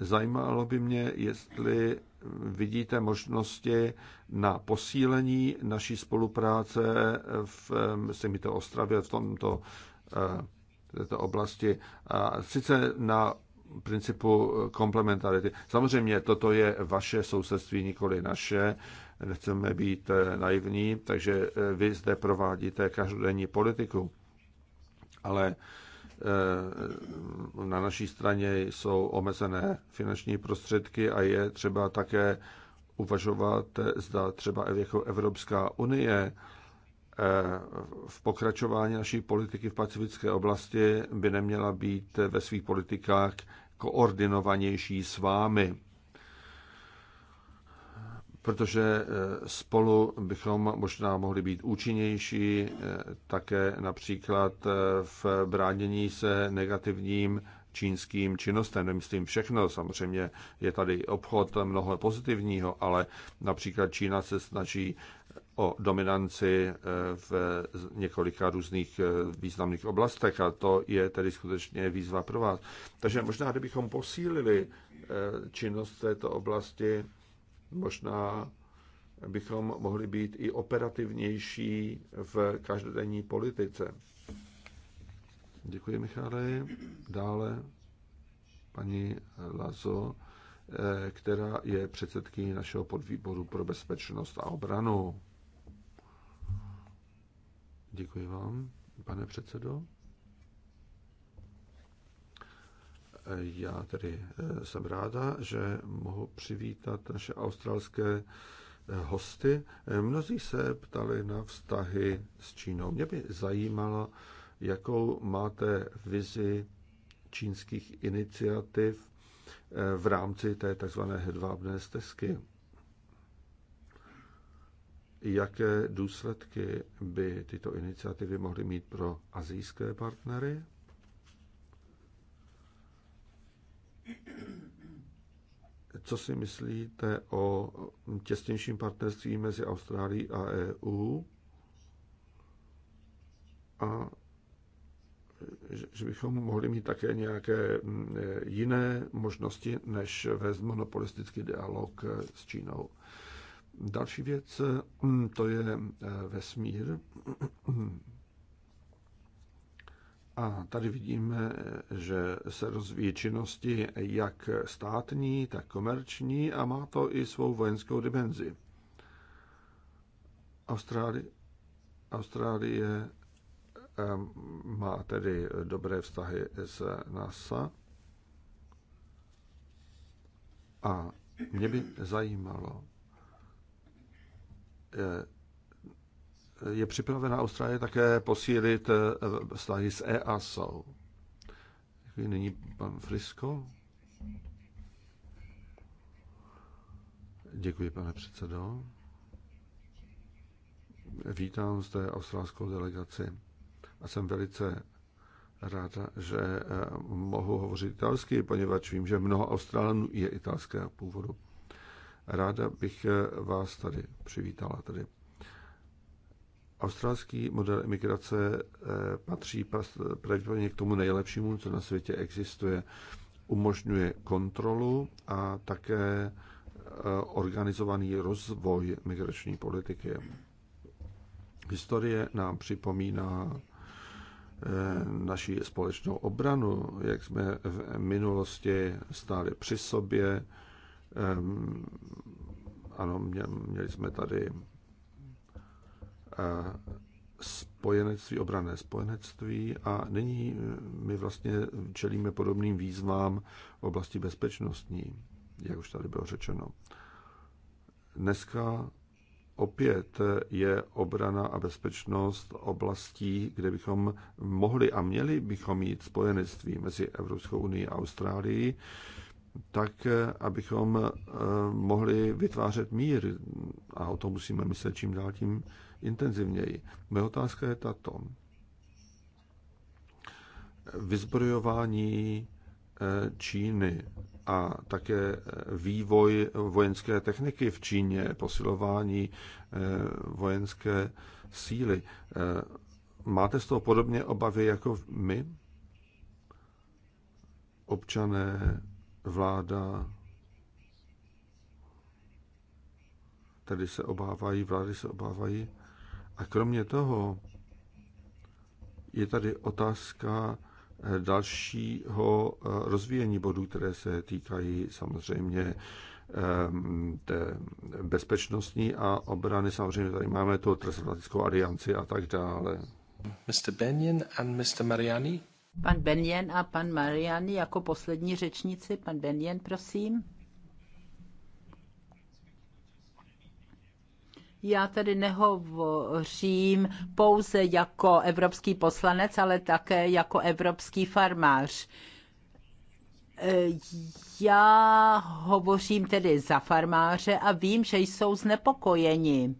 zajímalo by mě, jestli vidíte možnosti na posílení naší spolupráce v, s to Ostravě v tomto Eh, této oblasti. A sice na principu komplementarity. Samozřejmě toto je vaše sousedství, nikoli naše. Nechceme být eh, naivní, takže eh, vy zde provádíte každodenní politiku. Ale na naší straně jsou omezené finanční prostředky a je třeba také uvažovat, zda třeba jako Evropská unie v pokračování naší politiky v pacifické oblasti by neměla být ve svých politikách koordinovanější s vámi, protože eh, spolu bychom možná mohli být účinnější, eh, také například eh, v bránění se negativním čínským činnostem. Nemyslím všechno, samozřejmě je tady obchod mnoho pozitivního, ale například Čína se snaží o dominanci eh, v několika různých eh, významných oblastech a to je tedy skutečně výzva pro vás. Takže možná, kdybychom posílili eh, činnost této oblasti, možná bychom mohli být i operativnější v každodenní politice. Děkuji, Michale. Dále paní Lazo, eh, která je předsedkyní našeho podvýboru pro bezpečnost a obranu. Děkuji vám, pane předsedo. Eh, já tedy eh, jsem ráda, že mohu přivítat naše australské hosty. Mnozí se ptali na vztahy s Čínou. Mě by zajímalo, jakou máte vizi čínských iniciativ eh, v rámci té tzv. hedvábné stezky. Jaké důsledky by tyto iniciativy mohly mít pro azijské partnery? Co si myslíte o těsnějším partnerství mezi Austrálií a EU? A že bychom mohli mít také nějaké mm, eh, jiné možnosti než vést monopolistický dialog eh, s Čínou. Další věc, mm, to je eh, vesmír. A tady vidíme, že se rozvíjí činnosti jak státní, tak komerční a má to i svou vojenskou dimenzi. Austrálie, Austrálie má tedy dobré vztahy s NASA. A mě by zajímalo, eh, je připravena Austrálie také posílit eh, vztahy s EASO. Nyní pan Frisko. Děkuji, pane předsedo. Vítám zde australskou delegaci a jsem velice rád, že eh, mohu hovořit italsky, poněvadž vím, že mnoho Australanů je italského původu. Ráda bych eh, vás tady přivítala. Tady. Australský model imigrace eh, patří pravděpodobně k tomu nejlepšímu, co na světě existuje. Umožňuje kontrolu a také organizovaný rozvoj migrační politiky. Historie nám připomíná Eh, naší společnou obranu, jak jsme v minulosti stáli při sobě. Eh, ano, měli jsme tady eh, spojenectví, obrané spojenectví a nyní my vlastně čelíme podobným výzvám v oblasti bezpečnostní, jak už tady bylo řečeno. Dneska opět je obrana a bezpečnost oblastí, kde bychom mohli a měli bychom mít spojenectví mezi Evropskou unii a Austrálií, tak abychom eh, mohli vytvářet mír. A o tom musíme myslet čím dál tím intenzivněji. Moje otázka je tato. Vyzbrojování eh, Číny a také eh, vývoj eh, vojenské techniky v Číně, posilování eh, vojenské síly. Máte z toho podobně obavy jako my? Občané, vláda, tady se obávají, vlády se obávají. A kromě toho je tady otázka dalšího eh, rozvíjení bodů, které se týkají samozřejmě eh, té bezpečnostní a obrany. Samozřejmě tady máme tu transatlantickou alianci a tak dále. Mr. Benjen and Mr. Mariani. Pan Benjen a pan Mariani jako poslední řečníci. Pan Benjen, prosím. Já tedy nehovořím pouze jako evropský poslanec, ale také jako evropský farmář. E, já hovořím tedy za farmáře a vím, že jsou znepokojeni.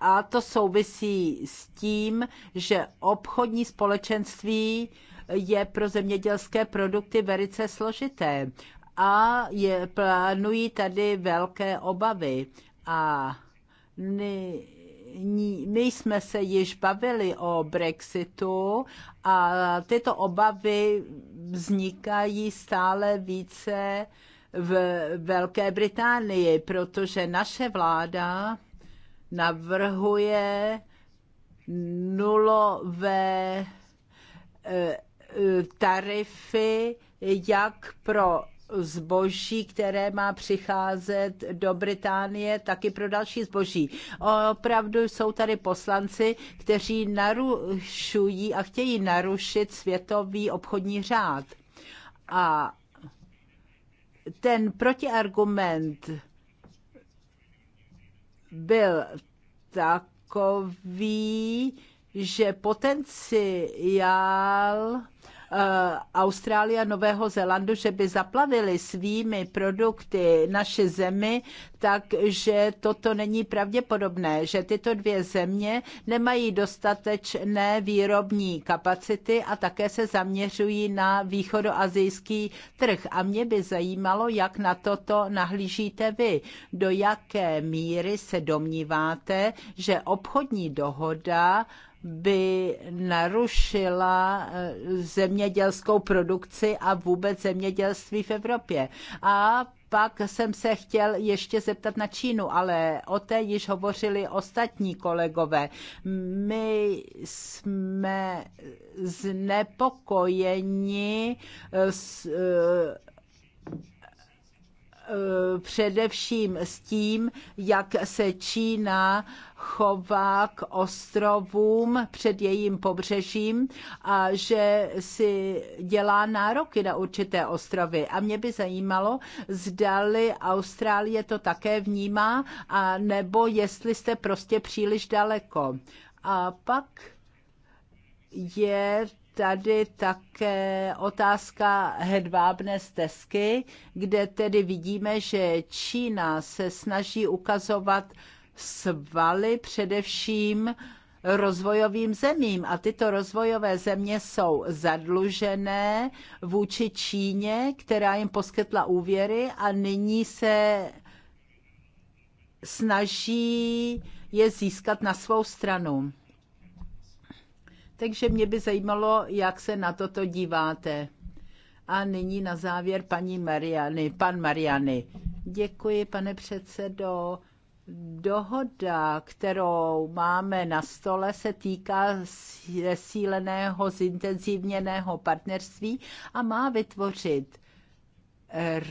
A to souvisí s tím, že obchodní společenství je pro zemědělské produkty velice složité a je, plánují tady velké obavy. A my jsme se již bavili o Brexitu a tyto obavy vznikají stále více v Velké Británii, protože naše vláda navrhuje nulové eh, eh, tarify jak pro zboží, které má přicházet do Británie, taky pro další zboží. Opravdu jsou tady poslanci, kteří narušují a chtějí narušit světový obchodní řád. A ten protiargument byl takový, že potenciál Eh, Austrálie a Nového Zélandu, že by zaplavili svými produkty naše zemi, takže toto není pravděpodobné, že tyto dvě země nemají dostatečné výrobní kapacity a také se zaměřují na východoazijský trh. A mě by zajímalo, jak na toto nahlížíte vy. Do jaké míry se domníváte, že obchodní dohoda by narušila eh, zemědělskou produkci a vůbec zemědělství v Evropě. A pak jsem se chtěl ještě zeptat na Čínu, ale o té již hovořili ostatní kolegové. My jsme znepokojeni s, eh, Eh, především s tím, jak se Čína chová k ostrovům před jejím pobřežím a že si dělá nároky na určité ostrovy. A mě by zajímalo, zdali Austrálie to také vnímá, a nebo jestli jste prostě příliš daleko. A pak je tady také otázka hedvábné stezky, kde tedy vidíme, že Čína se snaží ukazovat svaly především rozvojovým zemím a tyto rozvojové země jsou zadlužené vůči Číně, která jim poskytla úvěry a nyní se snaží je získat na svou stranu. Takže mě by zajímalo, jak se na toto díváte. A nyní na závěr paní Mariany, pan Mariany. Děkuji, pane předsedo. Dohoda, kterou máme na stole, se týká zesíleného, zintenzivněného partnerství a má vytvořit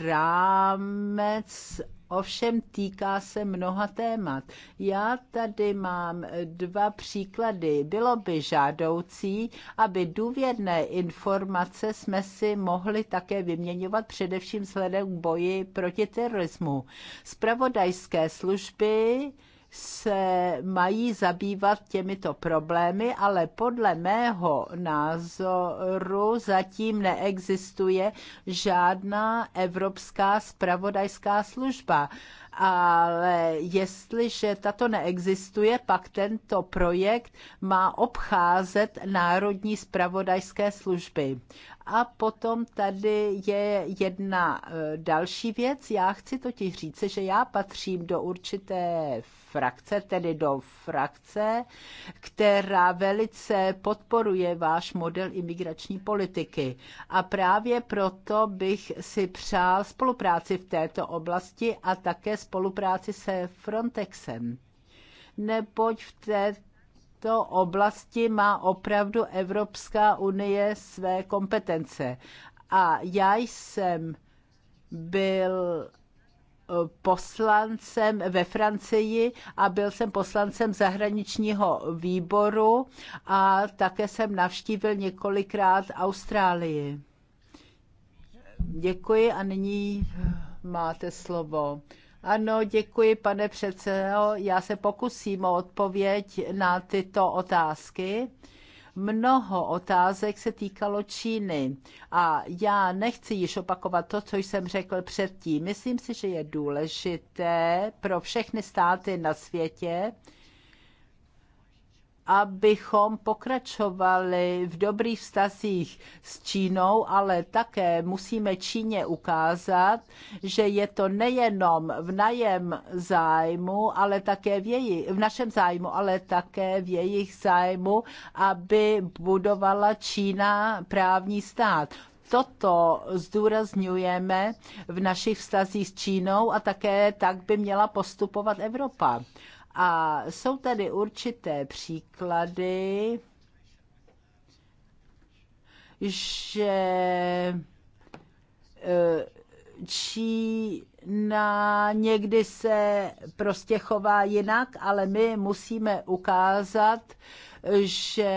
rámec ovšem týká se mnoha témat. Já tady mám dva příklady. Bylo by žádoucí, aby důvěrné informace jsme si mohli také vyměňovat především vzhledem k boji proti terorismu. Spravodajské služby se mají zabývat těmito problémy, ale podle mého názoru zatím neexistuje žádná evropská spravodajská služba. Ale jestliže tato neexistuje, pak tento projekt má obcházet národní spravodajské služby. A potom tady je jedna eh, další věc. Já chci totiž říct, že já patřím do určité frakce, tedy do frakce, která velice podporuje váš model imigrační politiky. A právě proto bych si přál spolupráci v této oblasti a také spolupráci se Frontexem. Neboť v té této oblasti má opravdu Evropská unie své kompetence. A já jsem byl poslancem ve Francii a byl jsem poslancem zahraničního výboru a také jsem navštívil několikrát Austrálii. Děkuji a nyní máte slovo. Ano, děkuji, pane předsedo. Já se pokusím o odpověď na tyto otázky. Mnoho otázek se týkalo Číny a já nechci již opakovat to, co jsem řekl předtím. Myslím si, že je důležité pro všechny státy na světě, abychom pokračovali v dobrých vztazích s Čínou, ale také musíme Číně ukázat, že je to nejenom v najem zájmu, ale také v, její, v našem zájmu, ale také v jejich zájmu, aby budovala Čína právní stát toto zdůrazňujeme v našich vztazích s Čínou a také tak by měla postupovat Evropa. A jsou tady určité příklady, že eh, Čína někdy se prostě chová jinak, ale my musíme ukázat, že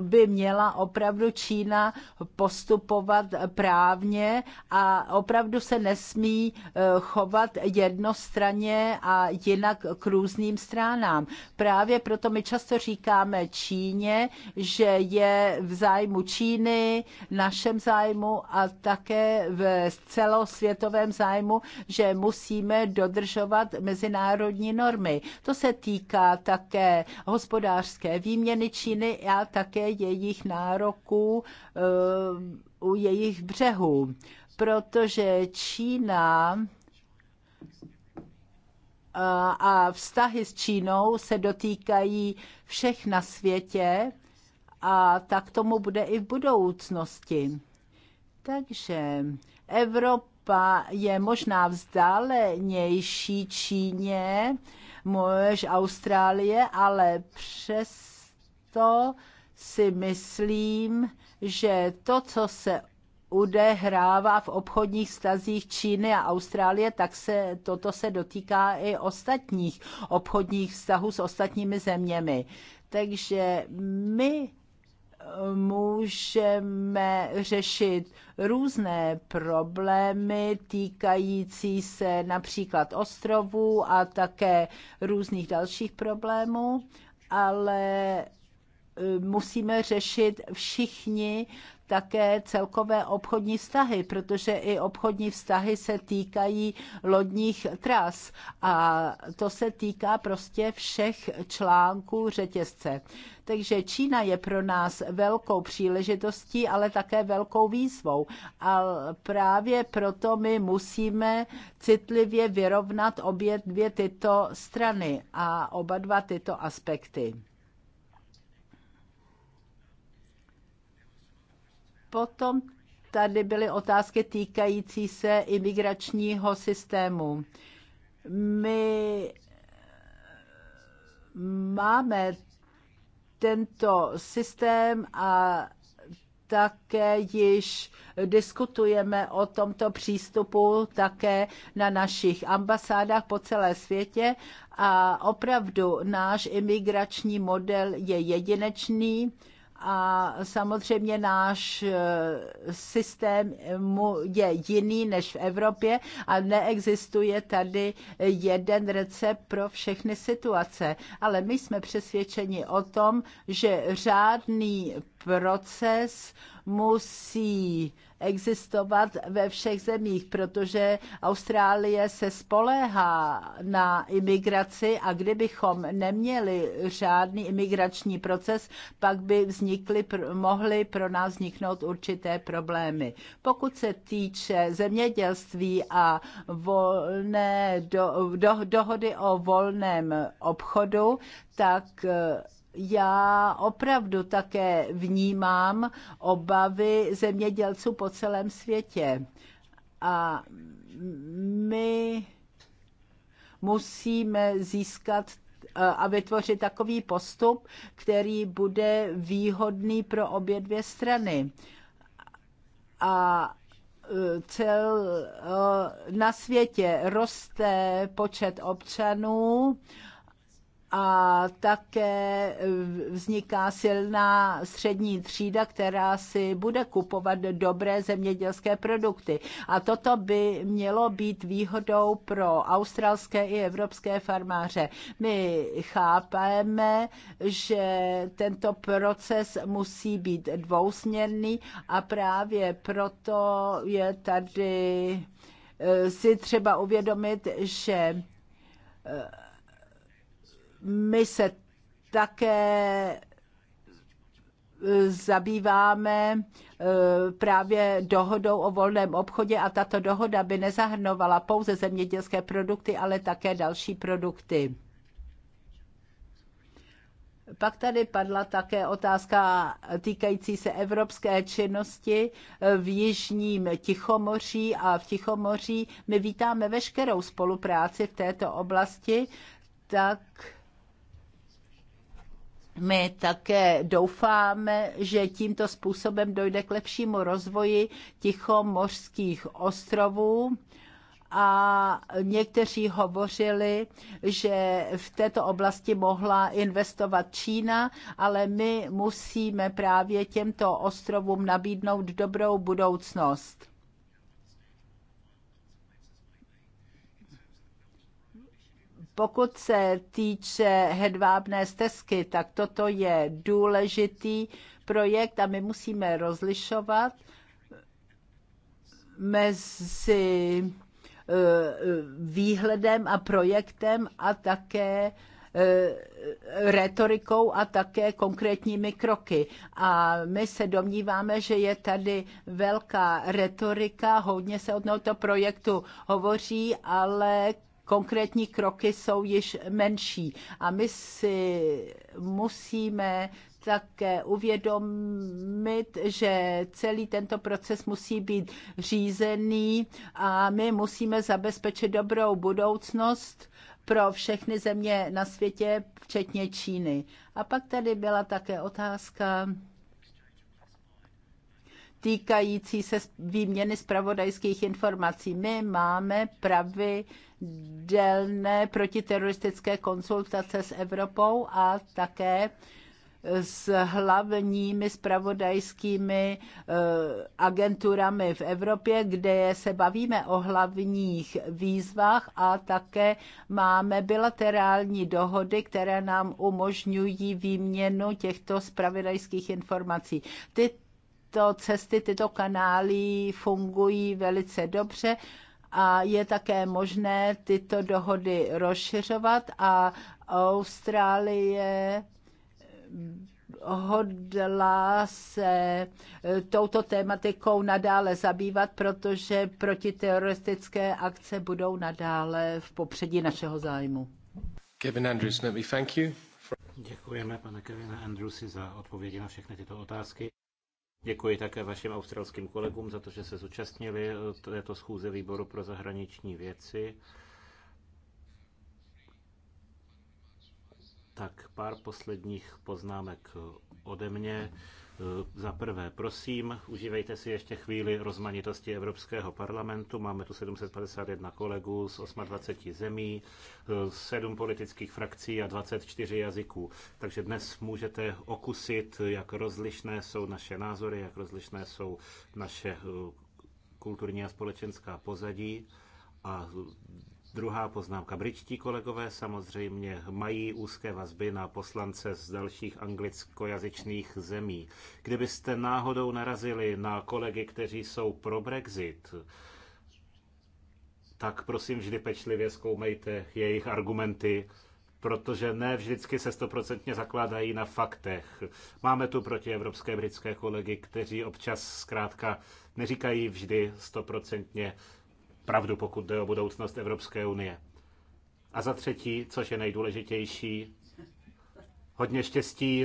by měla opravdu Čína postupovat právně a opravdu se nesmí eh, chovat jednostranně a jinak k různým stranám. Právě proto my často říkáme Číně, že je v zájmu Číny, našem zájmu a také v celosvětovém zájmu, že musíme dodržovat mezinárodní normy. To se týká také hospodářské výměny Číny a také jejich nároků eh, u jejich břehů, protože Čína eh, a vztahy s Čínou se dotýkají všech na světě a tak tomu bude i v budoucnosti. Takže Evropa je možná vzdálenější Číně, možná Austrálie, ale přes proto si myslím, že to, co se udehrává v obchodních stazích Číny a Austrálie, tak se toto se dotýká i ostatních obchodních vztahů s ostatními zeměmi. Takže my eh, můžeme řešit různé problémy týkající se například ostrovů a také různých dalších problémů, ale Eh, musíme řešit všichni také celkové obchodní vztahy, protože i obchodní vztahy se týkají lodních tras a to se týká prostě všech článků řetězce. Takže Čína je pro nás velkou příležitostí, ale také velkou výzvou. A právě proto my musíme citlivě vyrovnat obě dvě tyto strany a oba dva tyto aspekty. Potom tady byly otázky týkající se imigračního systému. My máme tento systém a také již diskutujeme o tomto přístupu také na našich ambasádách po celé světě a opravdu náš imigrační model je jedinečný a samozřejmě náš eh, systém je jiný než v Evropě a neexistuje tady jeden recept pro všechny situace. Ale my jsme přesvědčeni o tom, že řádný proces musí existovat ve všech zemích, protože Austrálie se spoléhá na imigraci a kdybychom neměli žádný imigrační proces, pak by vznikly, mohly pro nás vzniknout určité problémy. Pokud se týče zemědělství a volné do, do, dohody o volném obchodu, tak eh, já opravdu také vnímám obavy zemědělců po celém světě. A my musíme získat a vytvořit takový postup, který bude výhodný pro obě dvě strany. A e, cel, e, na světě roste počet občanů a také e, vzniká silná střední třída, která si bude kupovat dobré zemědělské produkty. A toto by mělo být výhodou pro australské i evropské farmáře. My chápeme, že tento proces musí být dvousměrný a právě proto je tady e, si třeba uvědomit, že e, my se také e, zabýváme e, právě dohodou o volném obchodě a tato dohoda by nezahrnovala pouze zemědělské produkty, ale také další produkty. Pak tady padla také otázka týkající se evropské činnosti e, v Jižním Tichomoří a v Tichomoří. My vítáme veškerou spolupráci v této oblasti, tak my také doufáme, že tímto způsobem dojde k lepšímu rozvoji tichomořských ostrovů a někteří hovořili, že v této oblasti mohla investovat Čína, ale my musíme právě těmto ostrovům nabídnout dobrou budoucnost. Pokud se týče hedvábné stezky, tak toto je důležitý projekt a my musíme rozlišovat mezi eh, výhledem a projektem a také eh, retorikou a také konkrétními kroky. A my se domníváme, že je tady velká retorika, hodně se od tohoto projektu hovoří, ale konkrétní kroky jsou již menší. A my si musíme také uvědomit, že celý tento proces musí být řízený a my musíme zabezpečit dobrou budoucnost pro všechny země na světě, včetně Číny. A pak tady byla také otázka týkající se výměny zpravodajských informací. My máme pravidelné protiteroristické konsultace s Evropou a také s hlavními spravodajskými eh, agenturami v Evropě, kde se bavíme o hlavních výzvách a také máme bilaterální dohody, které nám umožňují výměnu těchto spravodajských informací. Ty tyto cesty, tyto kanály fungují velice dobře a je také možné tyto dohody rozšiřovat a Austrálie hodla se eh, touto tématikou nadále zabývat, protože protiteroristické akce budou nadále v popředí našeho zájmu. Kevin Andrews, let me thank you. Děkujeme, pane Kevin Andrewsi, za odpovědi na všechny tyto otázky. Děkuji také vašim australským kolegům za to, že se zúčastnili eh, této schůze výboru pro zahraniční věci. Tak pár posledních poznámek ode mě. Eh, za prvé, prosím, užívejte si ještě chvíli rozmanitosti Evropského parlamentu. Máme tu 751 kolegů z 28 zemí, 7 eh, politických frakcí a 24 jazyků. Takže dnes můžete okusit, jak rozlišné jsou naše názory, jak rozlišné jsou naše eh, kulturní a společenská pozadí. A Druhá poznámka. Britští kolegové samozřejmě mají úzké vazby na poslance z dalších anglickojazyčných zemí. Kdybyste náhodou narazili na kolegy, kteří jsou pro Brexit, tak prosím vždy pečlivě zkoumejte jejich argumenty, protože ne vždycky se stoprocentně zakládají na faktech. Máme tu proti evropské britské kolegy, kteří občas zkrátka neříkají vždy stoprocentně pravdu, pokud jde o budoucnost Evropské unie. A za třetí, což je nejdůležitější, hodně štěstí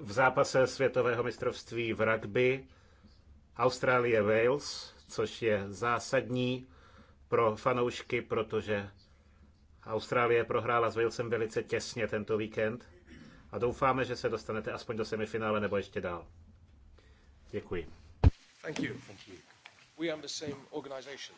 v zápase světového mistrovství v rugby Austrálie Wales, což je zásadní pro fanoušky, protože Austrálie prohrála s Walesem velice těsně tento víkend a doufáme, že se dostanete aspoň do semifinále nebo ještě dál. Děkuji. Thank you. Thank you we are in the same organisation.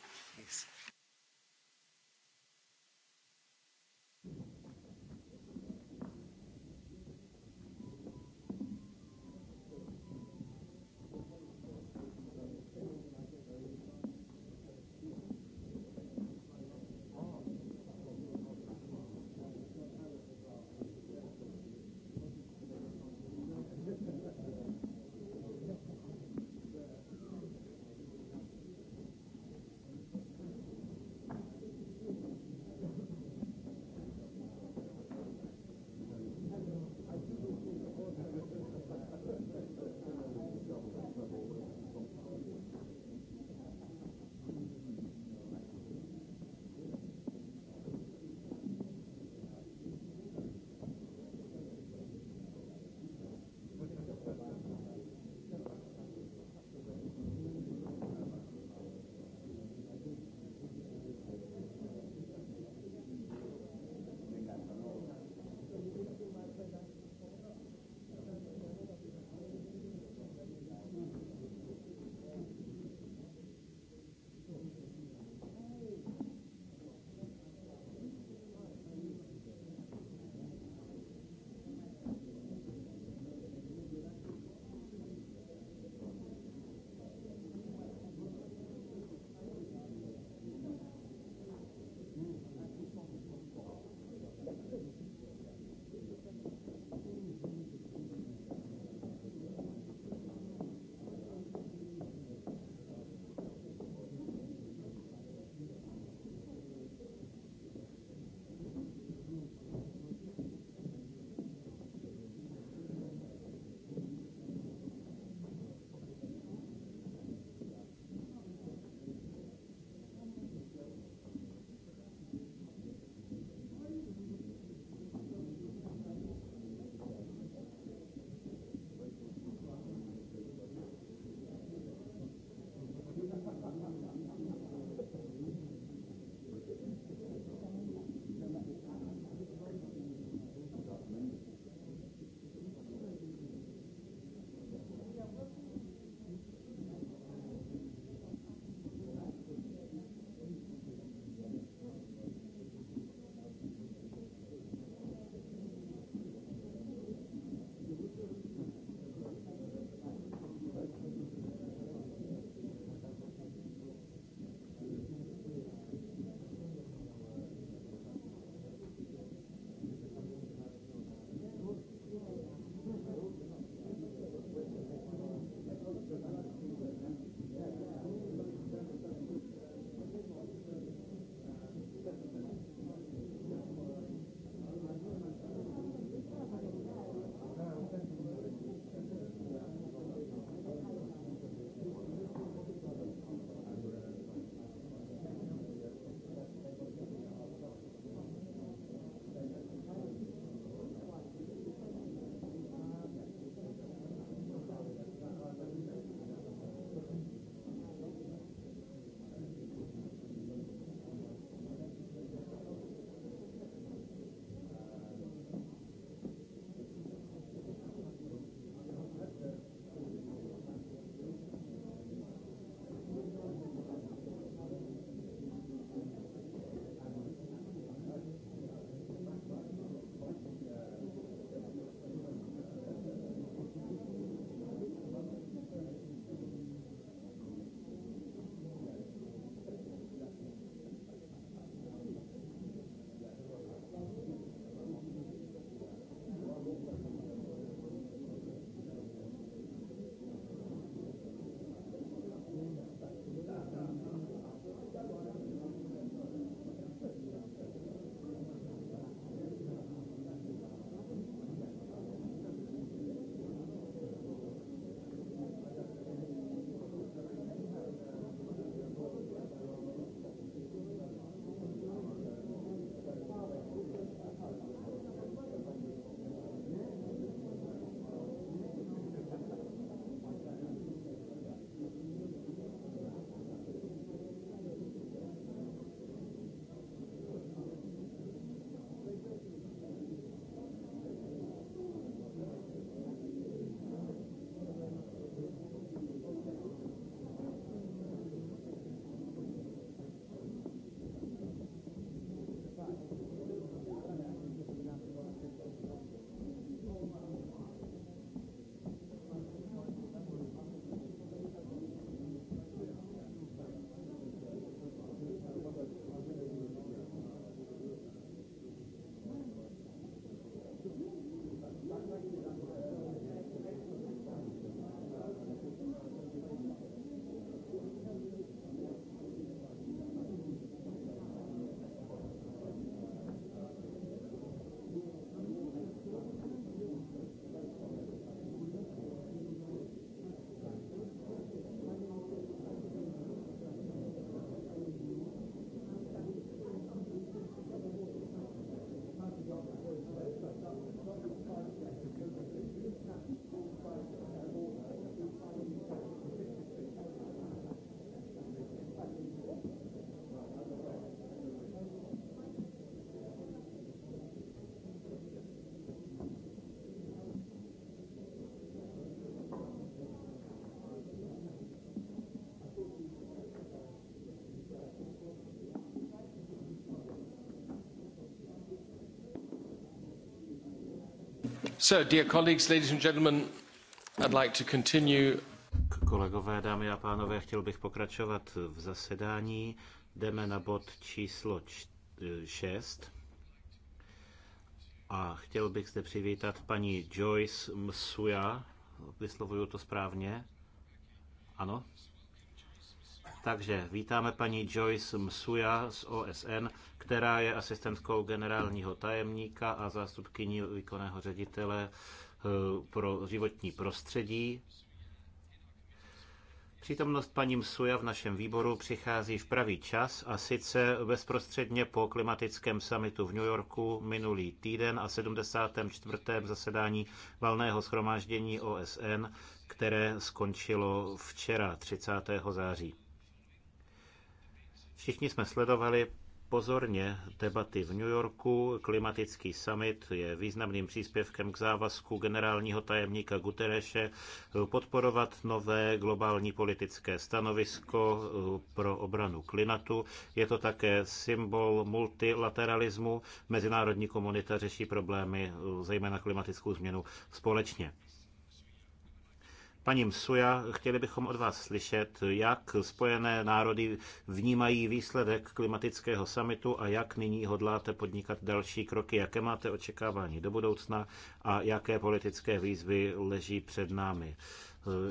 So, dear colleagues, ladies and gentlemen, I'd like to continue. Kolegové, dámy a pánové, chtěl bych pokračovat v zasedání. Jdeme na bod číslo 6. A chtěl bych zde přivítat paní Joyce Msuja. Vyslovuju to správně? Ano? Takže vítáme paní Joyce Msuja z OSN, která je asistentkou generálního tajemníka a zástupkyní výkonného ředitele eh, pro životní prostředí. Přítomnost paní Msuja v našem výboru přichází v pravý čas a sice bezprostředně po klimatickém summitu v New Yorku minulý týden a 74. zasedání valného schromáždění OSN, které skončilo včera 30. září. Všichni jsme sledovali pozorně debaty v New Yorku. Klimatický summit je významným příspěvkem k závazku generálního tajemníka Gutereše podporovat nové globální politické stanovisko pro obranu klimatu. Je to také symbol multilateralismu. Mezinárodní komunita řeší problémy, zejména klimatickou změnu, společně. Paní Msuja, chtěli bychom od vás slyšet, jak Spojené národy vnímají výsledek klimatického samitu a jak nyní hodláte podnikat další kroky, jaké máte očekávání do budoucna a jaké politické výzvy leží před námi.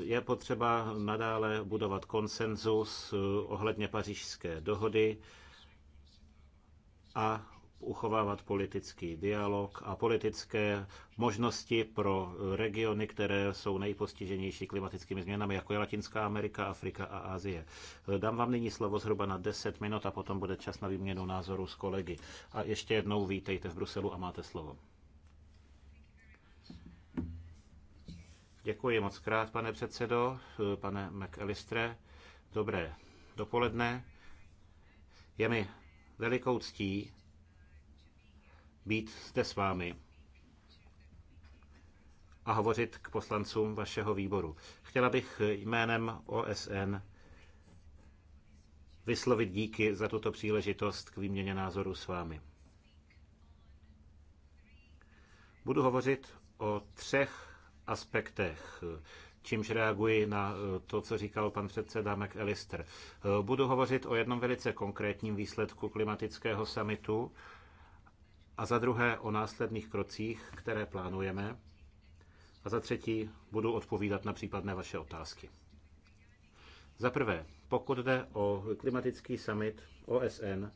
Je potřeba nadále budovat konsenzus ohledně pařížské dohody a uchovávat politický dialog a politické možnosti pro regiony, které jsou nejpostiženější klimatickými změnami, jako je Latinská Amerika, Afrika a Asie. Dám vám nyní slovo zhruba na 10 minut a potom bude čas na výměnu názoru s kolegy. A ještě jednou vítejte v Bruselu a máte slovo. Děkuji moc krát, pane předsedo, pane McAllistre. Dobré dopoledne. Je mi velikou ctí být zde s vámi a hovořit k poslancům vašeho výboru. Chtěla bych jménem OSN vyslovit díky za tuto příležitost k výměně názoru s vámi. Budu hovořit o třech aspektech, čímž reaguji na eh, to, co říkal pan předseda McAllister. Eh, budu hovořit o jednom velice konkrétním výsledku klimatického samitu, a za druhé o následných krocích, které plánujeme, a za třetí budu odpovídat na případné vaše otázky. Za prvé, pokud jde o klimatický summit OSN,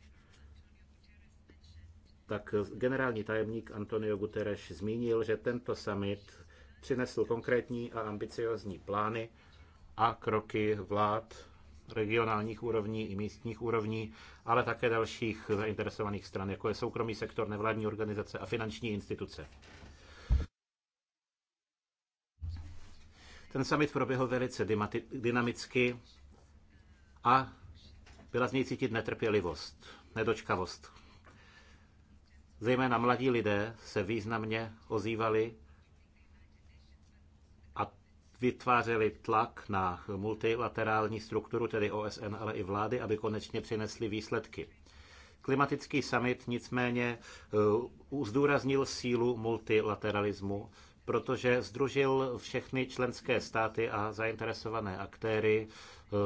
tak generální tajemník Antonio Guterres zmínil, že tento summit přinesl konkrétní a ambiciozní plány a kroky vlád regionálních úrovní i místních úrovní, ale také dalších zainteresovaných stran, jako je soukromý sektor, nevládní organizace a finanční instituce. Ten summit proběhl velice dynamicky a byla z něj cítit netrpělivost, nedočkavost. Zejména mladí lidé se významně ozývali vytvářeli tlak na multilaterální strukturu, tedy OSN, ale i vlády, aby konečně přinesli výsledky. Klimatický summit nicméně e, zdůraznil sílu multilateralismu, protože združil všechny členské státy a zainteresované aktéry e,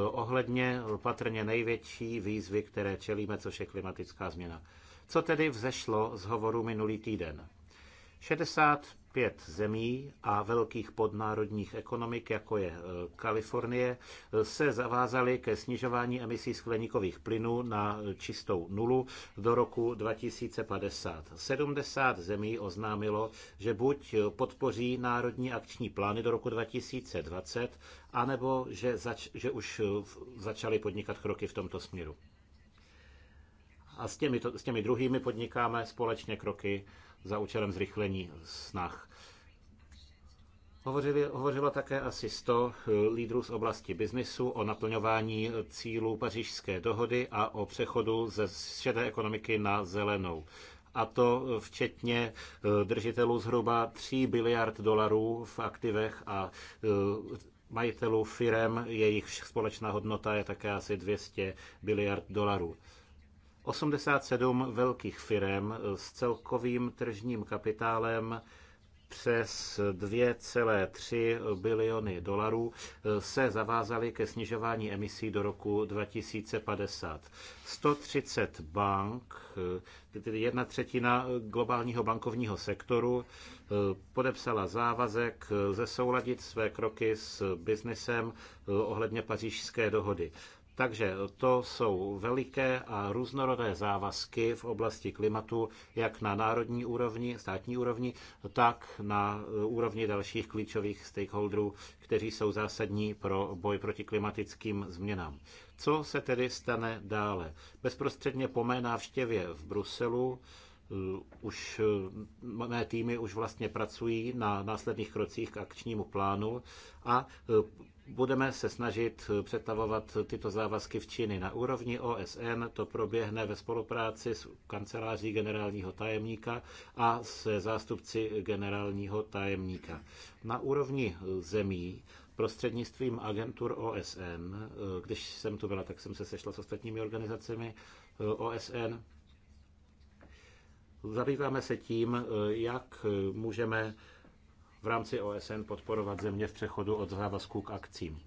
ohledně patrně největší výzvy, které čelíme, což je klimatická změna. Co tedy vzešlo z hovoru minulý týden? 65 zemí a velkých podnárodních ekonomik, jako je e, Kalifornie, se zavázaly ke snižování emisí skleníkových plynů na čistou nulu do roku 2050. 70 zemí oznámilo, že buď podpoří národní akční plány do roku 2020, anebo že, zač- že už začaly podnikat kroky v tomto směru. A s těmi, s těmi druhými podnikáme společně kroky za účelem zrychlení snah. Hovořili, hovořila také asi 100 eh, lídrů z oblasti biznisu o naplňování cílů pařížské dohody a o přechodu ze šedé ekonomiky na zelenou. A to včetně eh, držitelů zhruba 3 biliard dolarů v aktivech a eh, majitelů firem, jejich společná hodnota je také asi 200 biliard dolarů. 87 velkých firm s celkovým tržním kapitálem přes 2,3 biliony dolarů se zavázaly ke snižování emisí do roku 2050. 130 bank, tedy jedna třetina globálního bankovního sektoru, podepsala závazek zesouladit své kroky s biznesem ohledně pařížské dohody. Takže to jsou veliké a různorodé závazky v oblasti klimatu, jak na národní úrovni, státní úrovni, tak na úrovni dalších klíčových stakeholderů, kteří jsou zásadní pro boj proti klimatickým změnám. Co se tedy stane dále? Bezprostředně po mé návštěvě v Bruselu eh, už eh, mé týmy už vlastně pracují na následných krocích k akčnímu plánu a eh, Budeme se snažit přetavovat tyto závazky v činy. Na úrovni OSN to proběhne ve spolupráci s kanceláří generálního tajemníka a se zástupci generálního tajemníka. Na úrovni zemí prostřednictvím agentur OSN, když jsem tu byla, tak jsem se sešla s ostatními organizacemi eh, OSN, Zabýváme se tím, eh, jak můžeme v rámci OSN podporovat země v přechodu od závazků k akcím.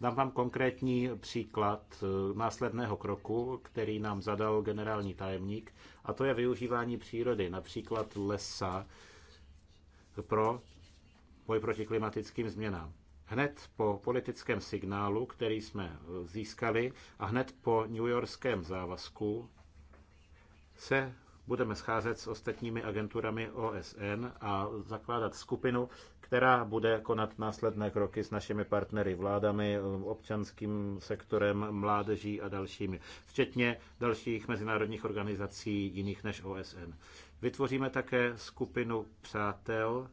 Dám vám konkrétní příklad eh, následného kroku, který nám zadal generální tajemník, a to je využívání přírody, například lesa, pro boj proti klimatickým změnám. Hned po politickém signálu, který jsme eh, získali, a hned po newyorském závazku se budeme scházet s ostatními agenturami OSN a zakládat skupinu, která bude konat následné kroky s našimi partnery, vládami, občanským sektorem, mládeží a dalšími, včetně dalších mezinárodních organizací jiných než OSN. Vytvoříme také skupinu přátel,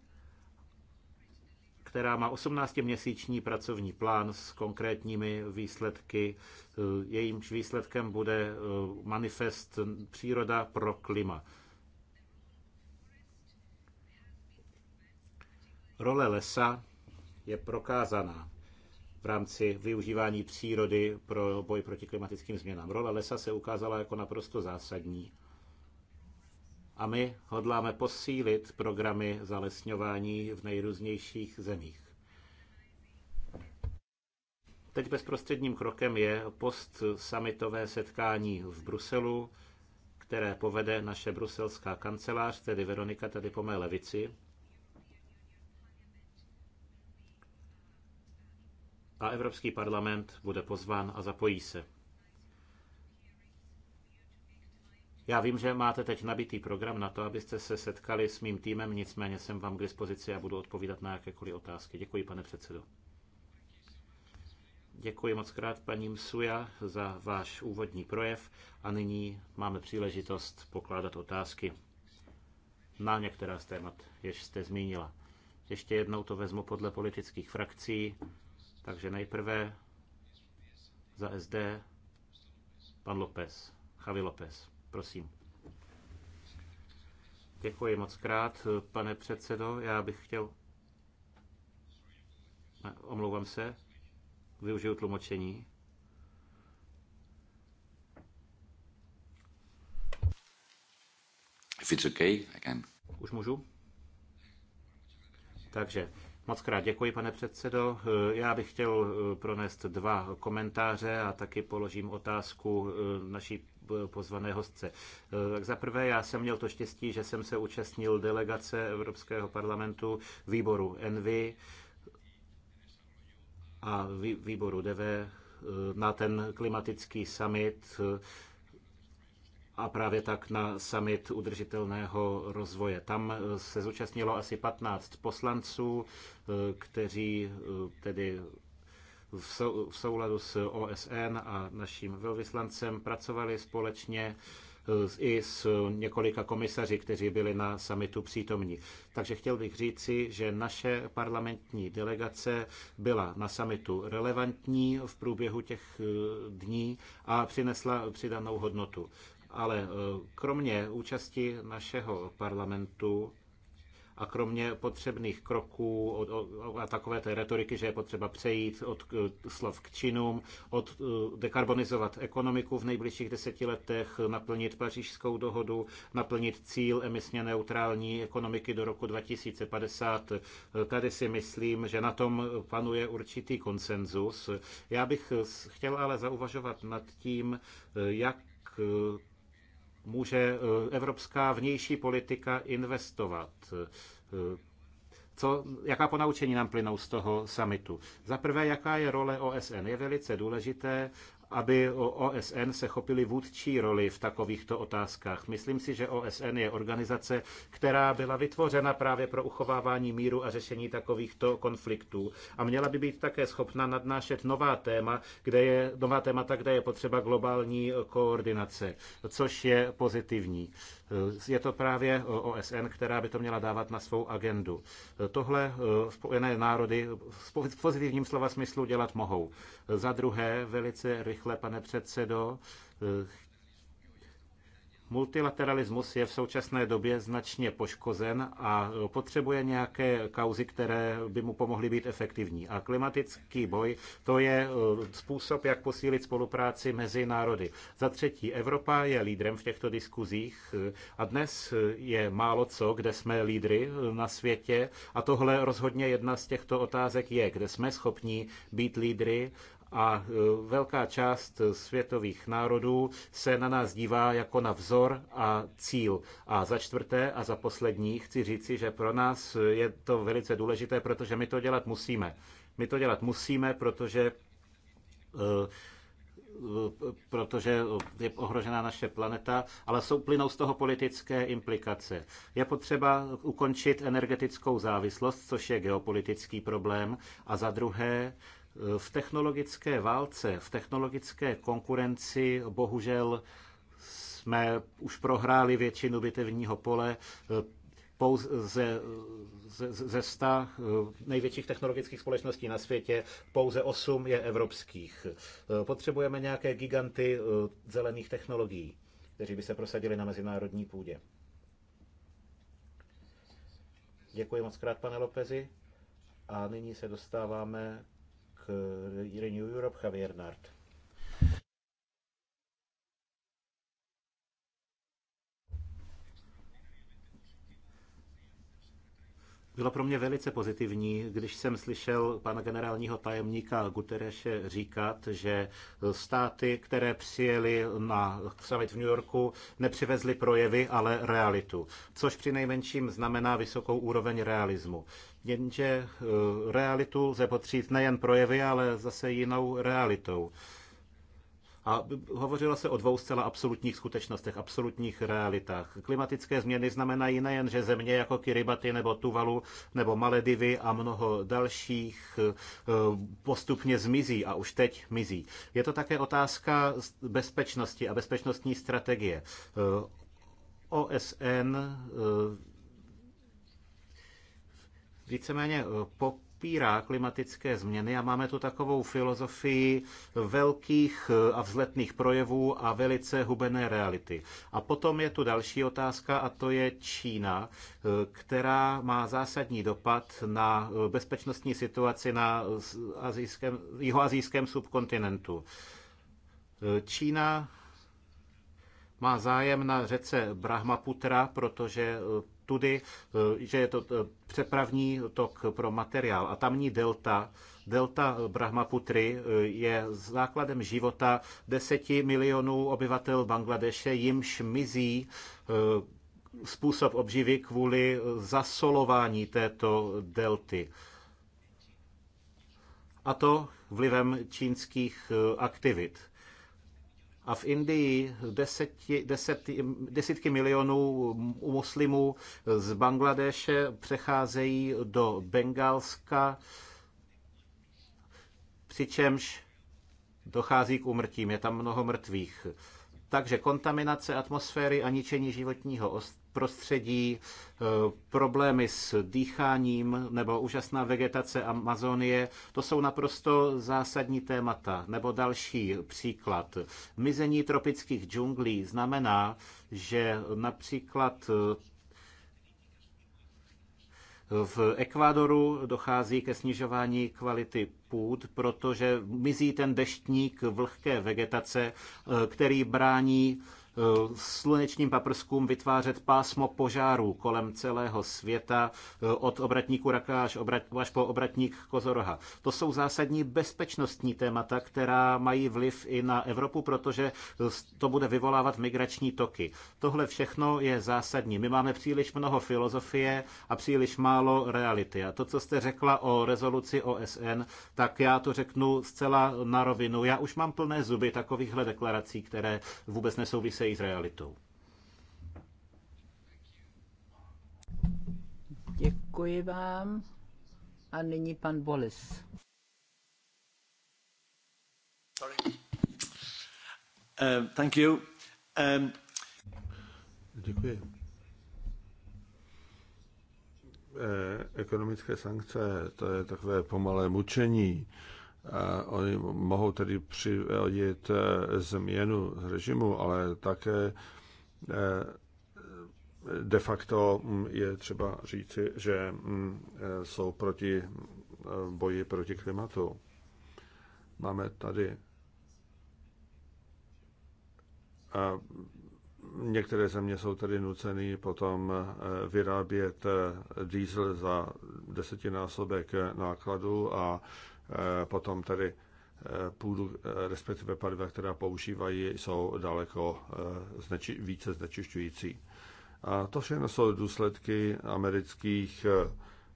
která má 18-měsíční pracovní plán s konkrétními výsledky. Eh, Jejímž výsledkem bude eh, manifest Příroda pro klima. Role lesa je prokázaná v rámci využívání přírody pro boj proti klimatickým změnám. Role lesa se ukázala jako naprosto zásadní a my hodláme posílit programy zalesňování v nejrůznějších zemích. Teď bezprostředním krokem je post-summitové setkání v Bruselu, které povede naše bruselská kancelář, tedy Veronika tady po mé levici. A Evropský parlament bude pozván a zapojí se. Já vím, že máte teď nabitý program na to, abyste se setkali s mým týmem, nicméně jsem vám k dispozici a budu odpovídat na jakékoliv otázky. Děkuji, pane předsedo. Děkuji moc krát paní Msuja za váš úvodní projev a nyní máme příležitost pokládat otázky na některá z témat, jež jste zmínila. Ještě jednou to vezmu podle politických frakcí, takže nejprve za SD pan López, Javi López. Prosím. Děkuji moc krát, pane předsedo. Já bych chtěl... Omlouvám se. Využiju tlumočení. If it's okay, I can. Už můžu? Takže moc krát děkuji, pane předsedo. Já bych chtěl eh, pronést dva komentáře a taky položím otázku eh, naší pozvané hostce. Eh, tak za prvé, já jsem měl to štěstí, že jsem se účastnil delegace Evropského parlamentu výboru Envy a výboru DV eh, na ten klimatický summit eh, a právě tak na summit udržitelného rozvoje. Tam se zúčastnilo asi 15 poslanců, kteří tedy v souladu s OSN a naším velvyslancem pracovali společně eh, i s několika komisaři, kteří byli na samitu přítomní. Takže chtěl bych říci, že naše parlamentní delegace byla na samitu relevantní v průběhu těch eh, dní a přinesla přidanou hodnotu. Ale eh, kromě účasti našeho parlamentu a kromě potřebných kroků a takové té retoriky, že je potřeba přejít od slov k činům, od e, dekarbonizovat ekonomiku v nejbližších deseti letech, naplnit pařížskou dohodu, naplnit cíl emisně neutrální ekonomiky do roku 2050. E, tady si myslím, že na tom panuje určitý konsenzus. Já bych chtěl ale zauvažovat nad tím, e, jak může eh, evropská vnější politika investovat? Eh, co, jaká ponaučení nám plynou z toho samitu? Za prvé, jaká je role OSN? Je velice důležité, aby OSN se chopili vůdčí roli v takovýchto otázkách. Myslím si, že OSN je organizace, která byla vytvořena právě pro uchovávání míru a řešení takovýchto konfliktů a měla by být také schopna nadnášet nová, téma, kde je, nová témata, kde je potřeba globální koordinace, což je pozitivní. Eh, je to právě eh, OSN, která by to měla dávat na svou agendu. Eh, tohle Spojené národy v pozitivním slova smyslu dělat mohou. Za druhé, velice rychle, pane předsedo, Multilateralismus je v současné době značně poškozen a potřebuje nějaké kauzy, které by mu pomohly být efektivní. A klimatický boj to je e, způsob, jak posílit spolupráci mezi národy. Za třetí, Evropa je lídrem v těchto diskuzích e, a dnes je málo co, kde jsme lídry e, na světě a tohle rozhodně jedna z těchto otázek je, kde jsme schopni být lídry a e, velká část světových národů se na nás dívá jako na vzor a cíl. A za čtvrté a za poslední chci říci, že pro nás je to velice důležité, protože my to dělat musíme. My to dělat musíme, protože e, e, protože je ohrožená naše planeta, ale jsou plynou z toho politické implikace. Je potřeba ukončit energetickou závislost, což je geopolitický problém, a za druhé v technologické válce, v technologické konkurenci bohužel jsme už prohráli většinu bitevního pole eh, pouze ze, ze eh, největších technologických společností na světě, pouze osm je evropských. Eh, potřebujeme nějaké giganty zelených technologií, kteří by se prosadili na mezinárodní půdě. Děkuji moc krát, pane Lopezi. A nyní se dostáváme Eh, Renew Europe Javier Nart. Bylo pro mě velice pozitivní, když jsem slyšel pana generálního tajemníka Gutereše říkat, že státy, které přijeli na summit v New Yorku, nepřivezly projevy, ale realitu, což při nejmenším znamená vysokou úroveň realismu. Jenže eh, realitu lze potřít nejen projevy, ale zase jinou realitou. A hovořilo se o dvou zcela absolutních skutečnostech, absolutních realitách. Klimatické změny znamenají nejen, že země jako Kiribati nebo Tuvalu nebo Maledivy a mnoho dalších eh, postupně zmizí a už teď mizí. Je to také otázka bezpečnosti a bezpečnostní strategie. Eh, OSN eh, víceméně po popírá klimatické změny a máme tu takovou filozofii velkých a vzletných projevů a velice hubené reality. A potom je tu další otázka a to je Čína, která má zásadní dopad na bezpečnostní situaci na azijském, jihoazijském subkontinentu. Čína má zájem na řece Brahmaputra, protože tudy, eh, že je to eh, přepravní tok pro materiál a tamní delta Delta Brahmaputry eh, je základem života deseti milionů obyvatel Bangladeše, jimž mizí způsob obživy kvůli zasolování této delty. A to vlivem čínských aktivit. A v Indii deseti, deseti, desítky milionů muslimů z Bangladeše přecházejí do Bengálska, přičemž dochází k umrtím, je tam mnoho mrtvých. Takže kontaminace atmosféry a ničení životního prostředí, eh, problémy s dýcháním nebo úžasná vegetace Amazonie, to jsou naprosto zásadní témata. Nebo další příklad. Mizení tropických džunglí znamená, že například eh, v Ekvádoru dochází ke snižování kvality půd, protože mizí ten deštník vlhké vegetace, eh, který brání Eh, slunečním paprskům vytvářet pásmo požáru kolem celého světa eh, od obratníku Raka až, obrat, až po obratník Kozoroha. To jsou zásadní bezpečnostní témata, která mají vliv i na Evropu, protože eh, to bude vyvolávat migrační toky. Tohle všechno je zásadní. My máme příliš mnoho filozofie a příliš málo reality. A to, co jste řekla o rezoluci OSN, tak já to řeknu zcela na rovinu. Já už mám plné zuby takovýchhle deklarací, které vůbec nesouvisejí s realitou. Děkuji vám. A nyní pan Bolis. Sorry. Uh, thank you. Um... Děkuji. Eh, ekonomické sankce, to je takové pomalé mučení. Eh, Eh, oni mohou tedy přivodit eh, změnu režimu, ale také eh, de facto mm, je třeba říci, že mm, jsou proti boji proti klimatu. Máme tady a některé země jsou tedy nuceny potom vyrábět diesel za desetinásobek nákladu a Eh, potom tedy eh, půdu, eh, respektive paliva, která používají, jsou daleko zneči, více znečišťující. A to všechno jsou důsledky amerických